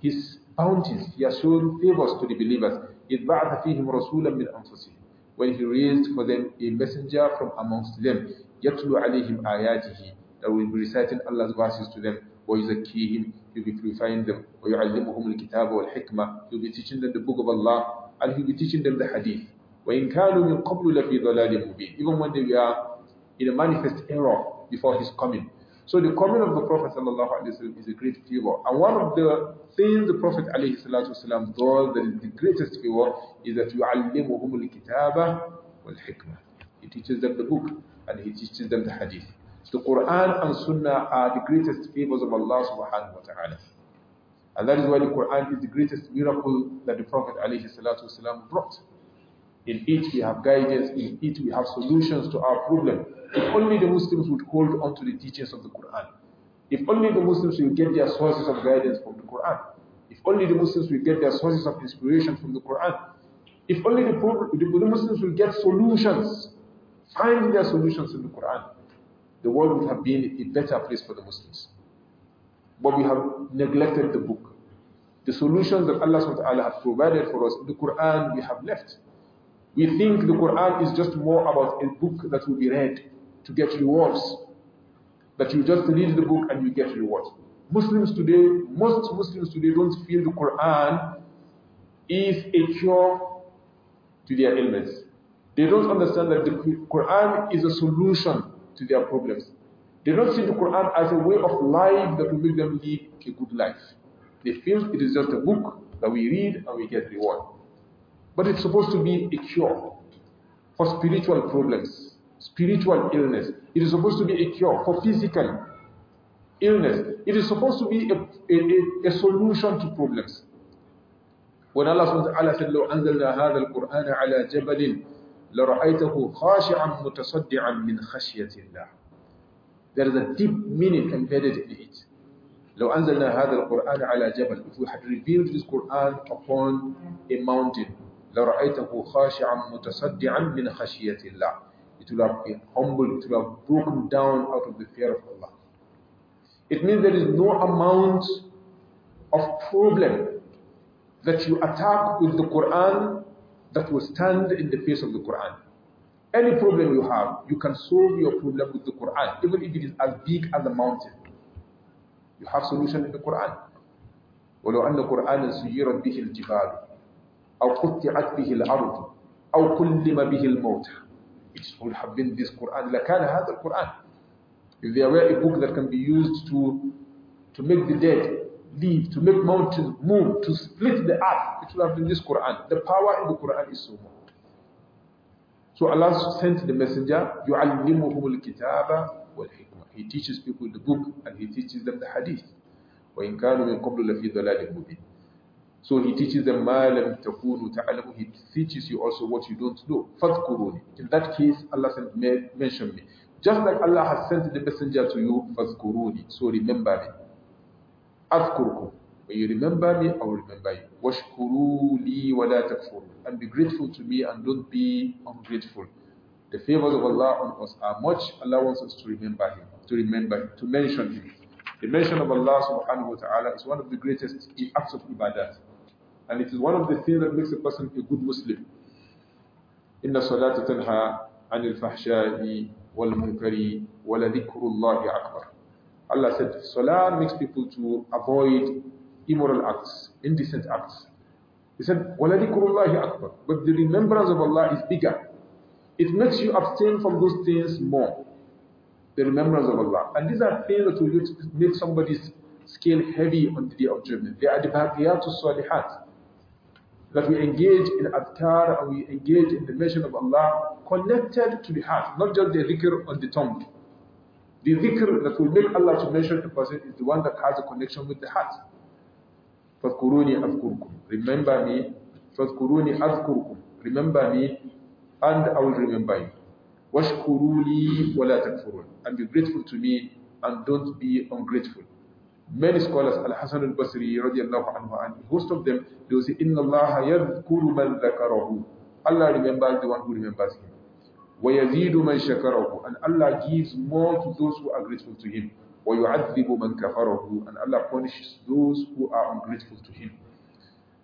His bounties, He has shown favors to the believers إذ بعث فيهم رسولا من أنفسهم when He raised for them a messenger from amongst them يتلو عليهم آياته that will be reciting Allah's verses to them ويزكيهم He'll be purifying them ويعلمهم الكتاب والحكمة He'll be teaching them the book of Allah and He'll be teaching them the hadith وإن كانوا من قبل لفي ضلال مبين Even when they are in a manifest error before His coming So the coming of the Prophet ﷺ is a great favor. And one of the things the Prophet ﷺ does that is the greatest favor is that يُعَلِّمُهُمُ الْكِتَابَ وَالْحِكْمَةِ He teaches them the book and he teaches them the hadith. The Quran and Sunnah are the greatest favors of Allah subhanahu wa ta'ala. And that is why the Quran is the greatest miracle that the Prophet والسلام, brought. In it we have guidance, in it we have solutions to our problem. If only the Muslims would hold on to the teachings of the Quran. If only the Muslims will get their sources of guidance from the Quran. If only the Muslims will get their sources of inspiration from the Quran. If only the, the Muslims will get solutions, find their solutions in the Quran the world would have been a better place for the Muslims. But we have neglected the book. The solutions that Allah SWT has provided for us, the Quran we have left. We think the Quran is just more about a book that will be read to get rewards. That you just read the book and you get rewards. Muslims today, most Muslims today don't feel the Quran is a cure to their ailments. They don't understand that the Quran is a solution to their problems. They don't see the Quran as a way of life that will make them live a good life. They feel it is just a book that we read and we get reward. But it's supposed to be a cure for spiritual problems, spiritual illness. It is supposed to be a cure for physical illness. It is supposed to be a, a, a solution to problems. When Allah said wa ta'ala said, لو أنزلنا هذا القرآن على جبل لرأيته خاشعا متصدعا من خشية الله There is a deep meaning embedded in it. لو أنزلنا هذا القرآن على جبل If we had revealed this Quran upon a mountain لرأيته خاشعا متصدعا من خشية الله It will have been humbled, it will have broken down out of the fear of Allah. It means there is no amount of problem that you attack with the Quran that will stand in the face of the Quran. Any problem you have, you can solve your problem with the Quran, even if it is as big as a mountain. You have solution in the Quran. ولو أن قرآنا سيرت به الجبال أو قطعت به الأرض أو كلم به الموت It would have been this Quran لكان هذا القرآن If there were a book that can be used to to make the dead leave, to make mountains move, to split the earth. It will have been this Quran. The power in the Quran is so much. So Allah sent the messenger, يُعَلِّمُهُمُ الْكِتَابَ وَالْحِكْمَةِ He teaches people the book and he teaches them the hadith. وَإِنْ كَانُوا مِنْ قَبْلُ لَفِي ضَلَالٍ مُبِينٍ So he teaches them مَا لَمْ تَكُونُوا He teaches you also what you don't know. فَاذْكُرُونِ In that case, Allah sent, mention me. Just like Allah has sent the messenger to you, فَاذْكُرُونِ So remember me. أذكركم When you remember me, I will remember you. وَاشْكُرُوا لِي وَلَا تَكْفُرُوا And be grateful to me and don't be ungrateful. The favors of Allah on us are much. Allah wants us to remember Him, to remember Him, to mention Him. The mention of Allah subhanahu wa ta'ala is one of the greatest acts of ibadat. And it is one of the things that makes a person a good Muslim. إِنَّ الصَّلَاةَ تَنْهَى عَنِ الْفَحْشَاءِ وَالْمُنْكَرِ وَلَذِكْرُ اللَّهِ أَكْبَرُ Allah said, Salah makes people to avoid immoral acts, indecent acts. He said, وَلَذِكُرُ اللَّهِ But the remembrance of Allah is bigger. It makes you abstain from those things more. The remembrance of Allah. And these are things that will make somebody's scale heavy on the day of judgment. They are the baqiyatu salihat. That we engage in adhkar and we engage in the mention of Allah connected to the heart, not just the dhikr on the tongue. The dhikr that will make Allah to mention to person is the one that has a connection with the heart. فَاذْكُرُونِي أَذْكُرْكُمْ Remember me. فَاذْكُرُونِي أَذْكُرْكُمْ Remember me and I will remember you. وَاشْكُرُوا لِي وَلَا تَكْفُرُونَ And be grateful to me and don't be ungrateful. Many scholars, Al-Hasan al-Basri radiallahu anhu, and most host of them, they will say, إِنَّ اللَّهَ يَذْكُرُ مَنْ ذَكَرَهُ Allah remembers the one who remembers him. وَيَزِيدُ مَنْ شَكَرَهُ And Allah gives more to those who are grateful to Him. وَيُعَذِّبُ مَنْ كَفَرَهُ And Allah punishes those who are ungrateful to Him.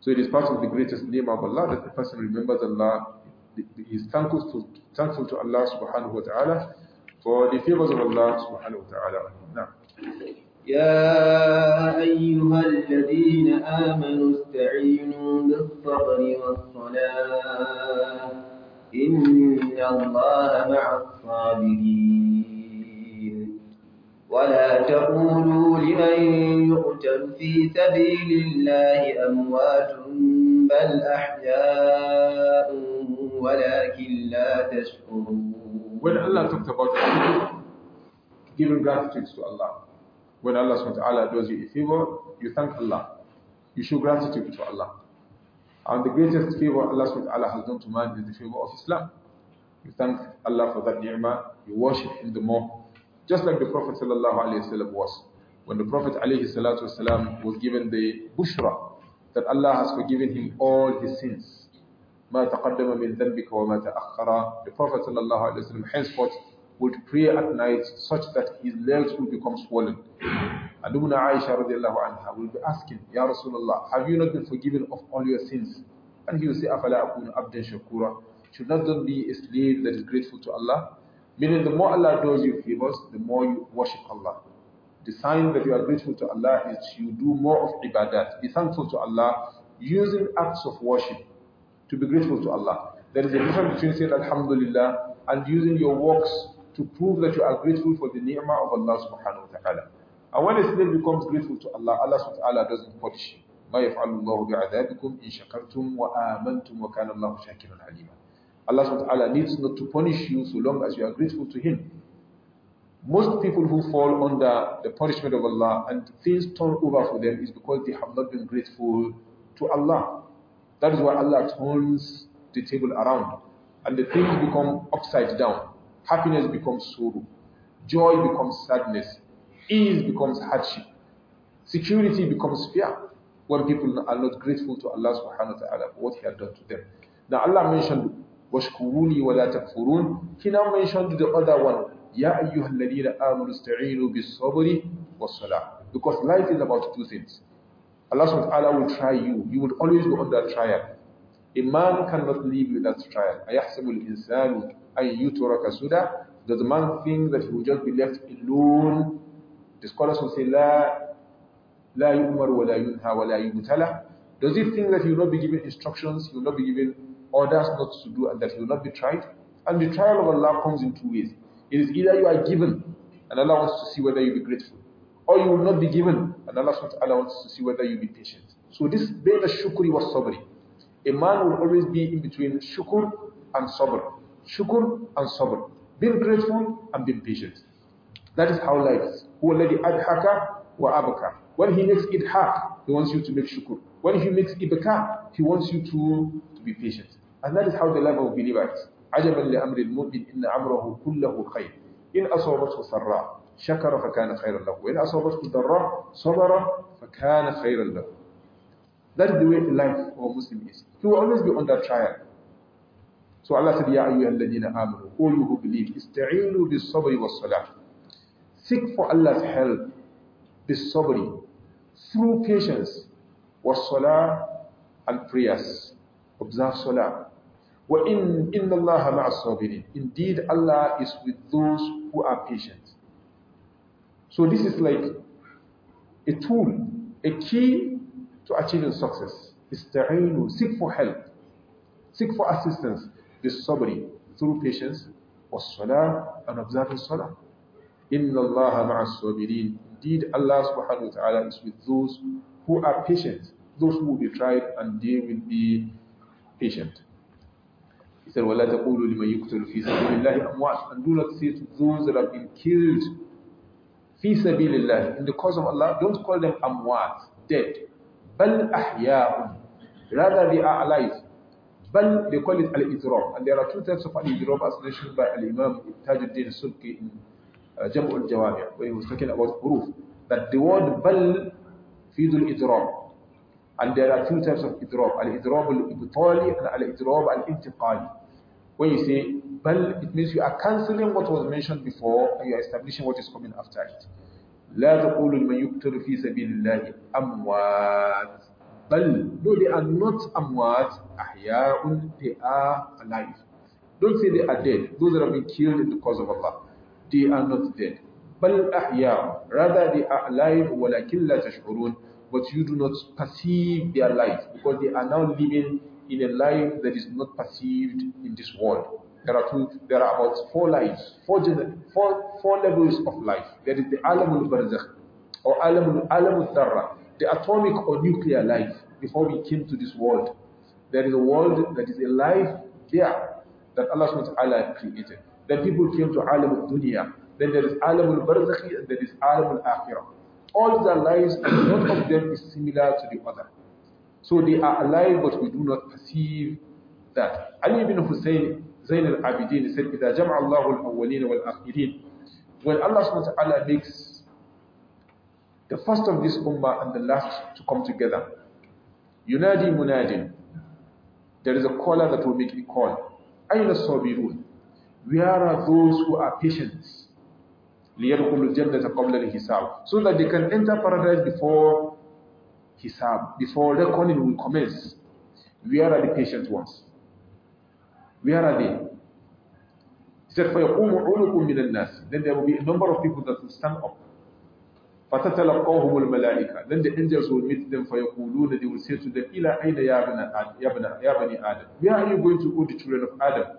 So it is part of the greatest name of Allah that the person remembers Allah, he is thankful to, thankful to Allah subhanahu wa ta'ala for the favors of Allah subhanahu wa ta'ala. نعم. يا أيها الذين آمنوا استعينوا بالصبر والصلاة إن الله مع الصابرين ولا تقولوا لمن يقتل في سبيل الله أموات بل أحياء ولكن لا تشكرون When Allah تكتب about giving gratitude to Allah, when Allah subhanahu wa ta'ala does you a favor, you thank Allah. You show gratitude to Allah. And the greatest favor Allah SWT has done to man is the favor of Islam. You thank Allah for that ni'mah, you worship Him the more. Just like the Prophet was. When the Prophet sallam was given the bushra, that Allah has forgiven him all his sins. ما تقدم من ذنبك وما تأخر The Prophet henceforth would pray at night such that his legs would become swollen. And Ibn Aisha radiallahu anha will be asking, Ya Rasulullah, have you not been forgiven of all your sins? And he will say, Afala akunu abdan shakura. Should not then be a slave that is grateful to Allah? Meaning the more Allah does you favors, the more you worship Allah. The sign that you are grateful to Allah is you do more of ibadat. Be thankful to Allah using acts of worship to be grateful to Allah. There is a difference between saying Alhamdulillah and using your works to prove that you are grateful for the ni'mah of Allah subhanahu wa ta'ala. And when a slave becomes grateful to Allah, Allah subhanahu wa ta'ala doesn't punish you. ما يفعل الله بعذابكم إن شكرتم وآمنتم وكان الله شاكرا عليما. Allah subhanahu wa ta'ala needs not to punish you so long as you are grateful to Him. Most people who fall under the punishment of Allah and things turn over for them is because they have not been grateful to Allah. That is why Allah turns the table around and the things become upside down. Happiness becomes sorrow. Joy becomes sadness. Ease becomes hardship. Security becomes fear when people are not grateful to Allah subhanahu wa ta'ala for what He had done to them. Now Allah mentioned وَشْكُرُونِي وَلَا تَكْفُرُونَ He now mentioned the other one Ya أَيُّهَا الَّذِينَ آمَنُوا اسْتَعِينُوا بِالصَّبْرِ وَالصَّلَاةِ Because life is about two things. Allah subhanahu wa ta'ala will try you. You will always be under trial. A man cannot live without trial. أَيَحْسَبُ الْإِنسَانُ أَن يُتْرَكَ سُدًى Does man think that he will just be left alone? The scholars will say, لا لا يؤمر ولا ينهى ولا يبتلى Does he think that he will not be given instructions, he will not be given orders not to do, and that he will not be tried? And the trial of Allah comes in two ways. It is either you are given, and Allah wants to see whether you be grateful, or you will not be given, and Allah wants to see whether you be patient. So this bayna shukri was sabri. A man will always be in between shukur and sabr. Shukur and sabr. Being grateful and being patient. That is how life is. Who will already adhaka wa abaka. When he makes idhak, he wants you to make shukur. When he makes ibaka, he wants you to, to be patient. And that is how the life of believer is. عجبا لأمر المؤمن إن أمره كله خير إن أصابته سراء شكر فكان خيرا له وإن أصابته ضراء صبر فكان خيرا له that is the way life of a Muslim is. He will always be under trial. So Allah said, Ya ayyuhalladina amanu, all you who believe, ista'inu bis sabri wa salah. Seek for Allah's help, bis sabri, through patience, wa salah and prayers. Observe salah. inna اللَّهَ مَعَ الصَّابِرِينَ Indeed, Allah is with those who are patient. So this is like a tool, a key to achieving success. Ista'inu, seek for help. Seek for assistance. Bisabri, through patience, was-salah, and observing salah. Inna Allah ma'as-sabirin. Indeed, Allah subhanahu wa ta'ala is with those who are patient, those who will be tried and they will be patient. He said, وَلَا تَقُولُوا لِمَنْ يُقْتَلُ فِي سَبِيلِ اللَّهِ أَمْوَاتٍ And do not say to those that have been killed فِي سَبِيلِ اللَّهِ In the cause of Allah, don't call them amwat, dead. bal ahya'un rather they are alive bal they call it al-idrab and there are two types of al-idrab as mentioned by al-imam Tajuddin Subki in uh, Jam' al-Jawami' where he was talking about proof that the word bal feeds al-idrab and there are two types of idrab al-idrab al-ibtali and al-idrab al-intiqali when you say bal it means you are cancelling what was mentioned before and you are establishing what is coming after it la taqulu liman yuqtalu fi sabilillahi amwat bal no they are not أموات أحياء they are alive don't say they are dead those that have been killed in the cause of Allah they are not dead bal أحياء rather they are alive walakin la تشعرون but you do not perceive their life because they are now living in a life that is not perceived in this world There are two, there are about four lives, four, four, four levels of life. There is the alamul barzakh, or alamul alamul tharra, the atomic or nuclear life before we came to this world. There is a world that is a life there that Allah subhanahu created. Then people came to alamul dunya. Then there is alamul barzakh, and there is alamul akhirah. All their lives, and none of them is similar to the other. So they are alive, but we do not perceive that. Ali ibn Hussein Zain al-Abidin, said, إِذَا جَمْعَ اللَّهُ الْأَوَّلِينَ وَالْآخِرِينَ When Allah subhanahu wa ta'ala makes the first of this ummah and the last to come together, يُنَادِي munadin. There is a caller that will make a call. أَيْنَ الصَّابِرُونَ Where are those who are patient? لِيَدْخُلُ الْجَنَّةَ قَبْلَ الْحِسَابِ So that they can enter paradise before hisab, before reckoning will commence. Where are the patient ones? Where are they? He said, فَيَقُومُ عُلُكُمْ مِنَ النَّاسِ Then there a number of people that will stand up. فَتَتَلَقَّوْهُمُ الْمَلَائِكَ Then the angels will meet them فَيَقُولُونَ They will say to them, إِلَىٰ أَيْنَ يَا بَنِي آدَمْ Where are you going to go, the children of Adam?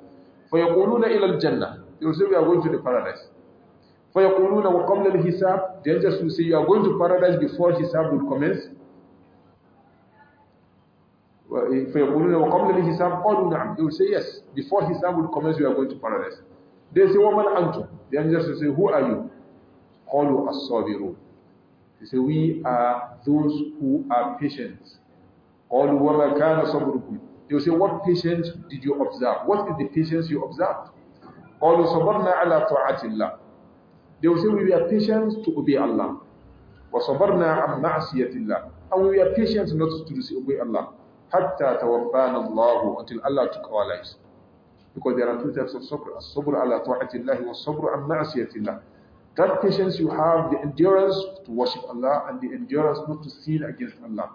فَيَقُولُونَ إِلَى الْجَنَّةِ They will say, we are going to the paradise. فَيَقُولُونَ وَقَبْلَ الْحِسَابِ The angels will say, you are going to paradise before Hisab will commence. وَقَبْلَ الْحِسَابِ قَالُوا نَعْمُ They will say yes. Before Hisab will commence, we are going to paradise. They say, وَمَنْ أَنْتُمْ The angels will say, who are you? قَالُوا الصَّابِرُونَ They say, we are those who are patient. قَالُوا وَمَا كَانَ صَبْرُكُمْ They will say, what patience did you observe? What is the patience you observed? قَالُوا صَبَرْنَا عَلَى طَاعَةِ اللَّهِ They will say, we are patient to obey Allah. وَصَبَرْنَا عَنْ مَعْصِيَةِ اللَّهِ And we are patient not to disobey Allah. Hatta tawaffana Allah, until Allah took our lives. Because there are two types of sabr. As-sabr ala ta'atillah wa sabr an ma'asiyatillah. That patience you have, the endurance to worship Allah and the endurance not to sin against Allah.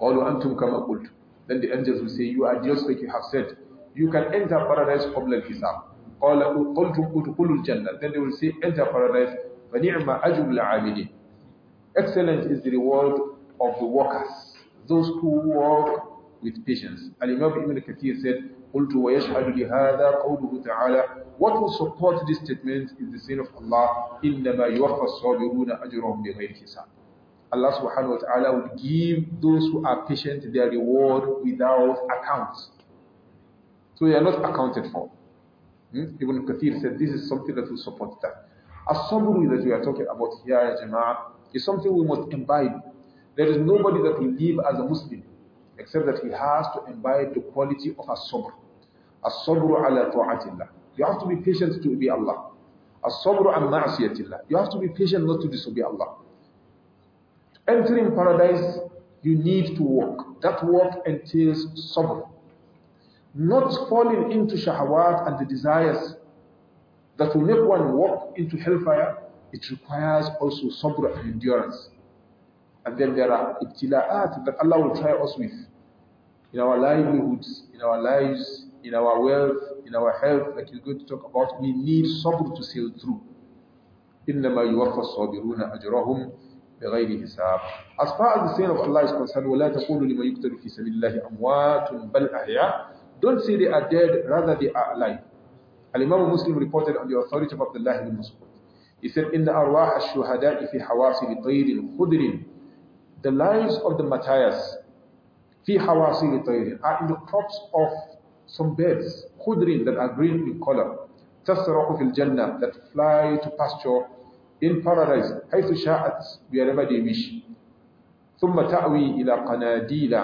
قَالُوا antum كَمَا قُلْتُ Then the angels will say, you are just like you have said. You can enter paradise قبل الحساب. قَالَ قُلْتُمْ أُدْخُلُوا الْجَنَّةِ Then they will say, enter paradise. فَنِعْمَ أَجُرُ الْعَامِلِينَ Excellence is the reward of the workers those who walk with patience. Al-Imam Ibn Kathir said, قلت ويشهد لهذا قوله تعالى What will support this statement is the saying of Allah إنما يوفى الصابرون أجرهم بغير حساب Allah subhanahu wa ta'ala would give those who are patient their reward without accounts. So they are not accounted for. Hmm? Ibn Kathir said this is something that will support that. As-sabr that we are talking about here, Jama'ah, is something we must imbibe. There is nobody that will live as a Muslim except that he has to imbibe the quality of a sabr. as sabr ala ta'atillah. You have to be patient to obey Allah. as sabr al ma'asiyatillah. You have to be patient not to disobey Allah. Entering paradise, you need to walk. That walk entails sabr. Not falling into shahawat and the desires that will make one walk into hellfire, it requires also sabr and endurance. And then there are ibtila'at that Allah will try us with in our livelihoods, in our lives, in our wealth, in our health, like you're going to talk about. We need sabr to sail through. إنما يوفى الصابرون أجرهم بغير حساب. As far as the saying of Allah is concerned, ولا تقولوا لما يقتل في سبيل الله أموات بل أحياء. Don't say they are dead, rather they are alive. Al-Imam Muslim reported on the authority of Abdullah ibn Mas'ud. He said, إن أرواح الشهداء في حواصل طير خضر the lives of the Matthias fi hawasili tayrin are in the crops of some birds, khudrin that are green in color, tasrahu fil jannah that fly to pasture in paradise, haythu sha'at wherever they wish. ثم تأوي ila قناديل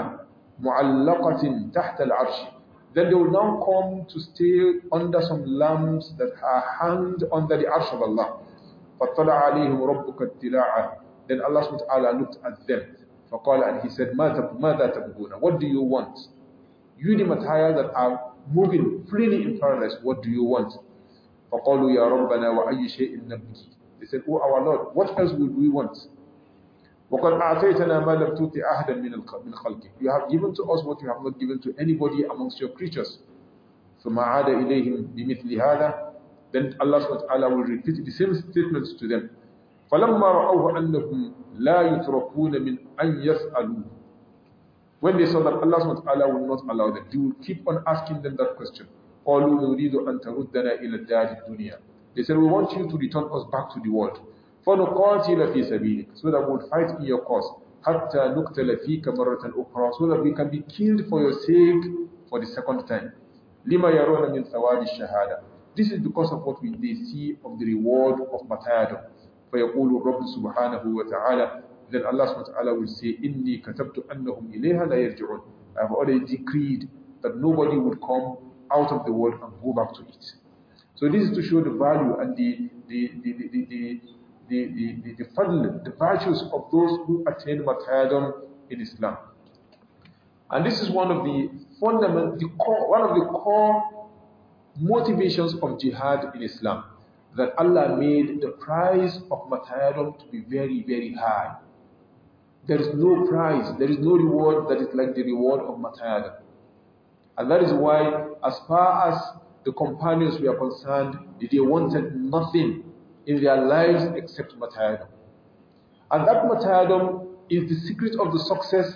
معلقة تحت العرش then they will now come to stay under some lamps that are hanged under the arsh of Allah. فَطَّلَعَ عَلَيْهِمْ رَبُّكَ اتِّلَاعًا then Allah subhanahu wa ta'ala looked at them. فَقَالَ And he said, مَاذَا تَبْغُونَ What do you want? You the material that are moving freely in paradise, what do you want? فَقَالُوا يَا رَبَّنَا وَأَيِّ شَيْءٍ نَبْغِي They said, Oh our Lord, what else would we want? وَقَدْ أَعْتَيْتَنَا مَا لَمْ تُوتِ أَحْدًا مِنْ خَلْقِكَ You have given to us what you have not given to anybody amongst your creatures. ثُمَّ عَادَ إِلَيْهِمْ بِمِثْلِ هَذَا Then Allah subhanahu wa ta'ala will repeat the same statements to them. فلما رأوه أنهم لا يتركون من أن When they saw that Allah subhanahu wa ta'ala will not allow them, they will keep on asking them that question. قالوا نريد أن تردنا إلى الدار الدنيا They said, we want you to return us back to the world. فنقاتل في سبيلك So that we will fight in your cause. حتى نقتل فيك مرة أخرى So that we can be killed for your sake for the second time. لما يرون من ثواب الشهادة This is because of what we, they see of the reward of martyrdom. فيقول الرب سبحانه وتعالى then Allah subhanahu wa ta'ala will say إِنِّي كَتَبْتُ أَنَّهُمْ إِلَيْهَا لَا يَرْجِعُونَ I have already decreed that nobody would come out of the world and go back to it. So this is to show the value and the the the the the the, the, the, the, fadl, the virtues of those who attain martyrdom in Islam. And this is one of the fundamental, one of the core motivations of jihad in Islam that Allah made the price of martyrdom to be very, very high. There is no price, there is no reward that is like the reward of martyrdom. And that is why, as far as the companions were concerned, they wanted nothing in their lives except martyrdom. And that martyrdom is the secret of the success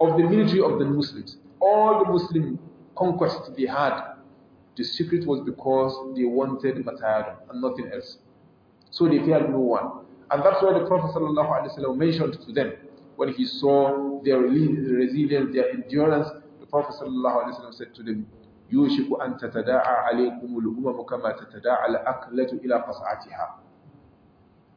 of the military of the Muslims. All the Muslim conquests they had the secret was because they wanted material and nothing else. So they feared no one. And that's why the Prophet ﷺ mentioned to them when he saw their resilience, their endurance, the Prophet ﷺ said to them, يوشك أن عليكم الأمم كما إلى قصعتها.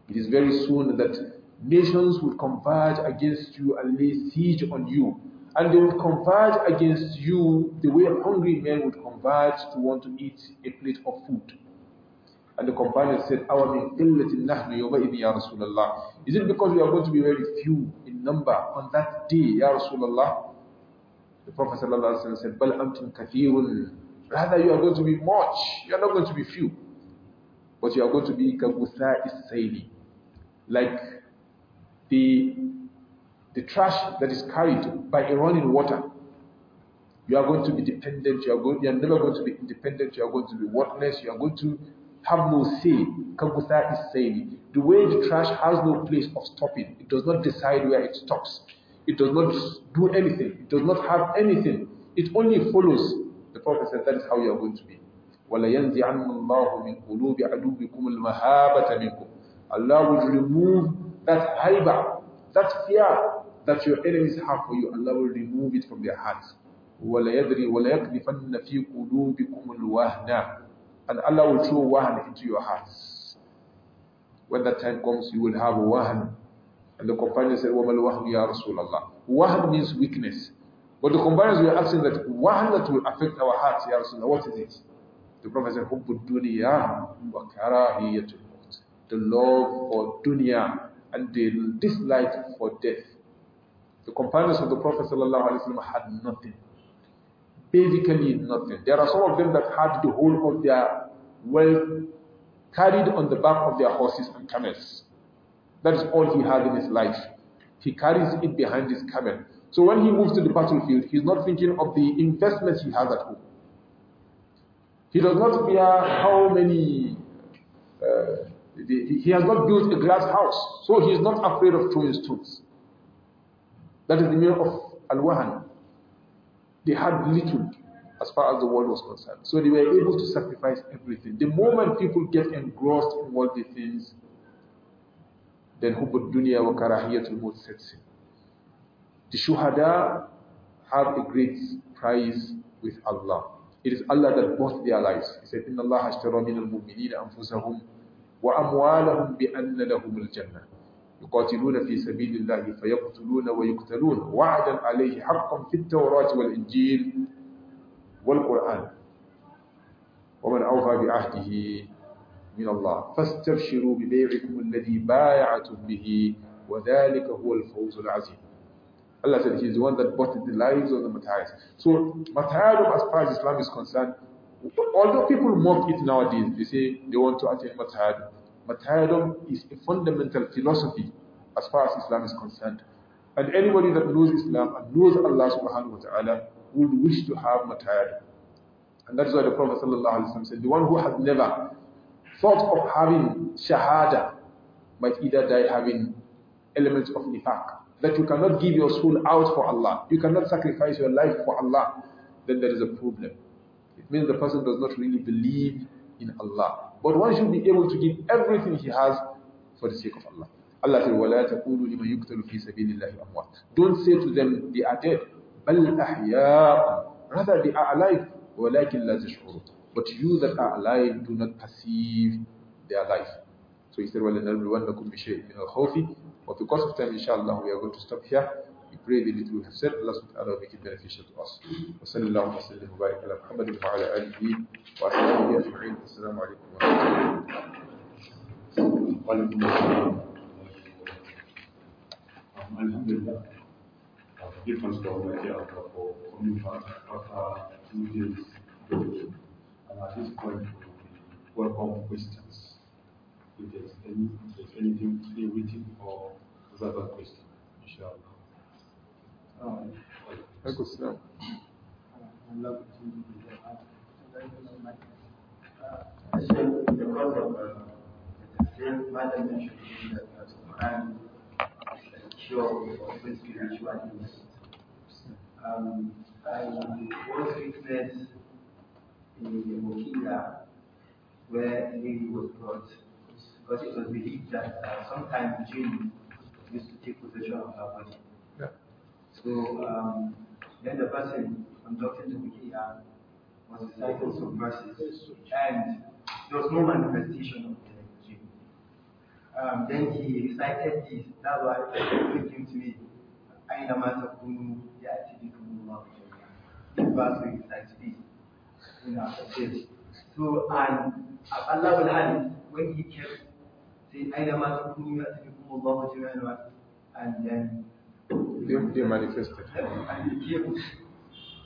It is very soon that nations will converge against you and lay siege on you and they will converge against you the way hungry men would converge to want to eat a plate of food. And the companion said, Our ya Rasulullah. Is it because we are going to be very few in number on that day, Ya Rasulullah? The Prophet said, Bal amtum kathirun. Rather, you are going to be much. You are not going to be few. But you are going to be kabutha is like the the trash that is carried by a running water. You are going to be dependent, you are, going, you are never going to be independent, you are going to be worthless, you are going to have no say. Kagusa is saying, the way the trash has no place of stopping, it does not decide where it stops. It does not do anything. It does not have anything. It only follows. The Prophet said that is how you are going to be. Allah will remove that haiba, that fear that your enemies have for you. Allah will remove it from their hearts. And Allah will throw wahan into your hearts. When that time comes, you will have wahan. And the companion said, وَمَا الْوَهْنُ يَا رَسُولَ Wahan means weakness. But the companions were asking that, wahan that will affect our hearts, Ya Rasulullah, what is it? The Prophet said, حُبُّ الدُّنْيَا وَكَرَاهِيَةُ الْمَوْتِ The love for dunya and the dislike for death. The companions of the Prophet ﷺ had nothing. Basically nothing. There are some of them that had the whole of their wealth carried on the back of their horses and camels. That is all he had in his life. He carries it behind his camel. So when he moves to the battlefield, he's not thinking of the investments he has at home. He does not fear how many. Uh, the, he has not built a glass house, so he is not afraid of throwing stones. That is the meaning of al-wahan. They had little as far as the world was concerned. So they were able to sacrifice everything. The moment people get engrossed in worldly things, then hubbud dunya wa karahiyatul maut sets in. The shuhada have a great prize with Allah. It is Allah that bought their lives. He said, إِنَّ اللَّهَ اشْتَرَى مِنَ الْمُؤْمِنِينَ أَنفُسَهُمْ وَأَمْوَالَهُمْ بِأَنَّ لَهُمُ الْجَنَّةِ يقاتلون في سبيل الله فيقتلون ويقتلون وعدا عليه حقا في التوراة والإنجيل والقرآن ومن أوفى بعهده من الله فاستبشروا ببيعكم الذي بايعتم به وذلك هو الفوز العظيم Allah said he is the one that bought the lives of the Matthias. So Matthias, as far as Islam is concerned, although people mock it nowadays, they say they want to attend Matthias But is a fundamental philosophy as far as Islam is concerned. And anybody that knows Islam and knows Allah subhanahu wa ta'ala would wish to have matayadum. And that's why the Prophet said, the one who has never thought of having shahada might either die having elements of nifaq. That you cannot give your soul out for Allah. You cannot sacrifice your life for Allah. Then there is a problem. It means the person does not really believe in Allah. But one should be able to give everything he has for the sake of Allah. Allah said, وَلَا تَقُولُوا لِمَنْ يُقْتَلُ فِي سَبِيلِ اللَّهِ أَمْوَاتٍ Don't say to them, they are dead. بَلْ أَحْيَاءٌ Rather, they are alive. وَلَكِنْ لَا تَشْعُرُ But you that are alive do not perceive their life. So he said, وَلَنَبْلُوَنَّكُمْ بِشَيْءٍ مِنَ الْخَوْفِ But because of time, inshallah, we are going to stop here. We pray that it will have served Allah subhanahu wa ta'ala make it beneficial to us. وصلى الله وسلم وبارك على محمد وعلى آله wa أجمعين والسلام عليكم ورحمة الله wa السلام الحمد لله difference from the idea of for coming back after two days. And at this point, we welcome questions. If there's, any, if there's anything, any written or verbal question, inshallah. Herr Gustav. I love it. I think because of the same Madam mentioned that the Quran is a cure for spiritual illness. Um, I was witness in Mokinda where a lady was brought because it was believed that uh, sometimes jinn used to take possession of her body. So um, then the person conducting the wikiya uh, was reciting some verses, and there was no manifestation of the dream. Um, then he recited this. That's why it came to me. I am a man أينما تكونوا يأتيكم الله جميعا. This verse we recite today in our church. So and uh, Allah will have when he kept saying أينما تكونوا يأتيكم الله جميعا and then they, they manifested.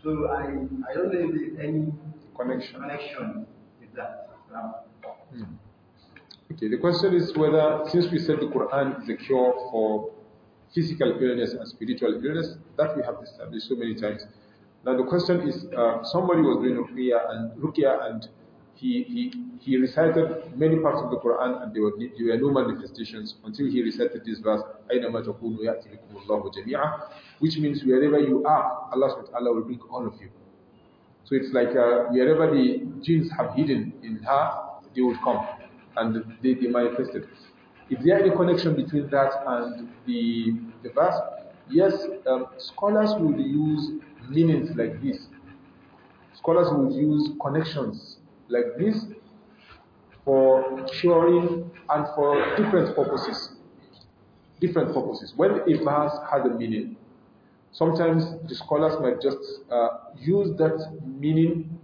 so I, I don't know any connection, connection with that. hmm. Okay, the question is whether, since we said the Quran is a cure for physical illness and spiritual illness, that we have established so many times. Now the question is, uh, somebody was doing ruqya and ruqya and he, he, he recited many parts of the Quran and they were, they were no manifestations until he recited this verse, Which means wherever you are, Allah subhanahu will bring all of you. So it's like uh, wherever the jinns have hidden in her, they would come and they, they manifested. If there any connection between that and the, the verse, yes, um, scholars would use meanings like this. Scholars would use connections like this for curing and for different purposes. Different purposes. When a verse has a meaning, sometimes the scholars might just uh, use that meaning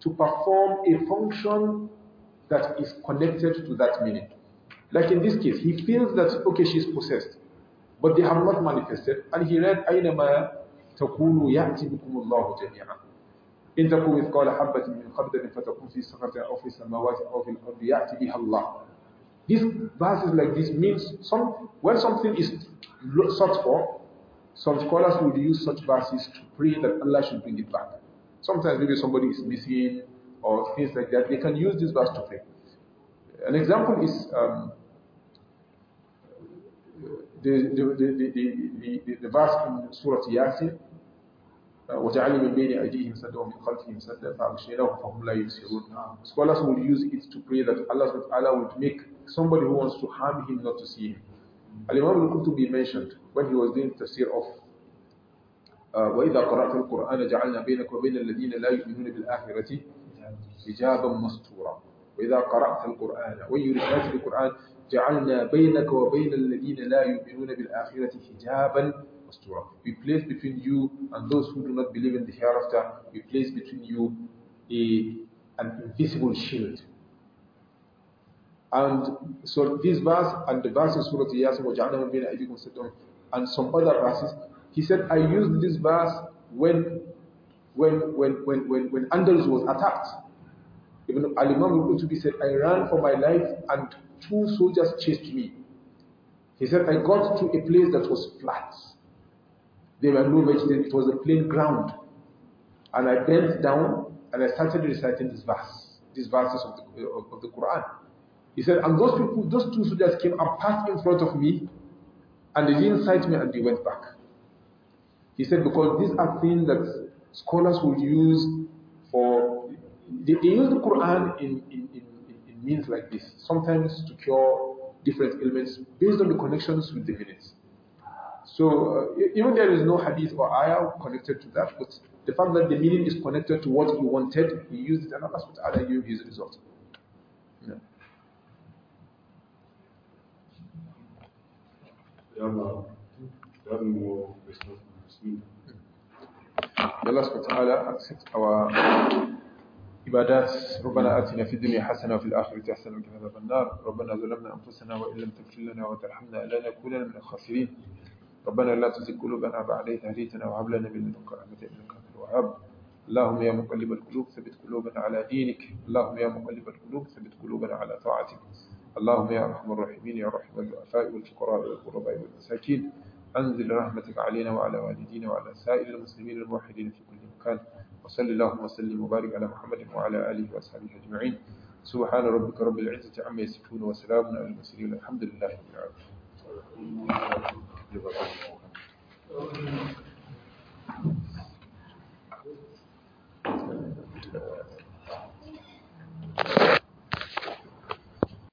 to perform a function that is connected to that meaning. Like in this case, he feels that, okay, she's possessed, but they have not manifested, and he read, أَيْنَمَا تَقُولُوا يَأْتِ بِكُمُ اللَّهُ جَمِيعًا إن تكو مثقال حبة من خردل فتكون في صخرة أو في السماوات أو في الأرض يأتي بها الله. These verses like this means some, when something is sought for, some scholars will use such verses to pray that Allah should bring it back. Sometimes maybe somebody is missing or things like that. They can use this verse to pray. An example is um, the, the, the, the, the, the, the verse in Surah Yasin وجعلوا مِنْ بَيْنِ أَيْدِيهِمْ سَدًّا وَمِنْ خَلْفِهِمْ سَدًّا فَأَغْشَيْنَاهُمْ فَهُمْ لَا يُبْصِرُونَ نعم. Scholars will use it to pray that Allah subhanahu would make somebody who wants to harm him not to see him. Al-Imam al-Qutubi mentioned when he was doing tafsir of uh, وإذا قرأت القرآن جعلنا بينك وبين الذين لا يؤمنون بالآخرة حجابا مستورا وإذا قرأت القرآن when you recite the Quran جعلنا بينك وبين الذين لا يؤمنون بالآخرة حجابا We place between you and those who do not believe in the hereafter, we place between you a, an invisible shield. And so this verse and the verse in Surah Yasin, and some other verses, he said, I used this verse when when when when when, when Andalus was attacked. Even Al-Imam al said, I ran for my life and two soldiers chased me. He said, I got to a place that was flat. There were no vegetables, it was a plain ground. And I bent down and I started reciting this verse, these verses of the, of the Quran. He said, and those people, those two soldiers came and passed in front of me, and they didn't sight me and they went back. He said, because these are things that scholars would use for, they, they use the Quran in, in, in, in means like this, sometimes to cure different ailments based on the connections with the minutes. So uh, even there is no hadith or ayah connected to that, but the fact that the meaning is connected to what he wanted, he used it, and Allah subhanahu wa ta'ala gave his result. Uh, hmm. Allah subhanahu wa ta'ala our عبادات ربنا آتنا في الدنيا حسنة وفي الآخرة حسنة وقنا عذاب النار ربنا ظلمنا أنفسنا وإن لم تغفر لنا وترحمنا لنكونن من الخاسرين ربنا لا تزغ قلوبنا بعد إذ هديتنا وهب لنا من لدنك رحمة إنك أنت الوهاب اللهم يا مقلب القلوب ثبت قلوبنا على دينك اللهم يا مقلب القلوب ثبت قلوبنا على طاعتك اللهم يا أرحم الراحمين يا رحم الضعفاء والفقراء والغرباء والمساكين أنزل رحمتك علينا وعلى والدينا وعلى سائر المسلمين الموحدين في كل مكان وصل اللهم وسلم وبارك على محمد وعلى آله وأصحابه أجمعين سبحان ربك رب العزة عما يصفون وسلام على المرسلين الحمد لله رب العالمين 一会儿到。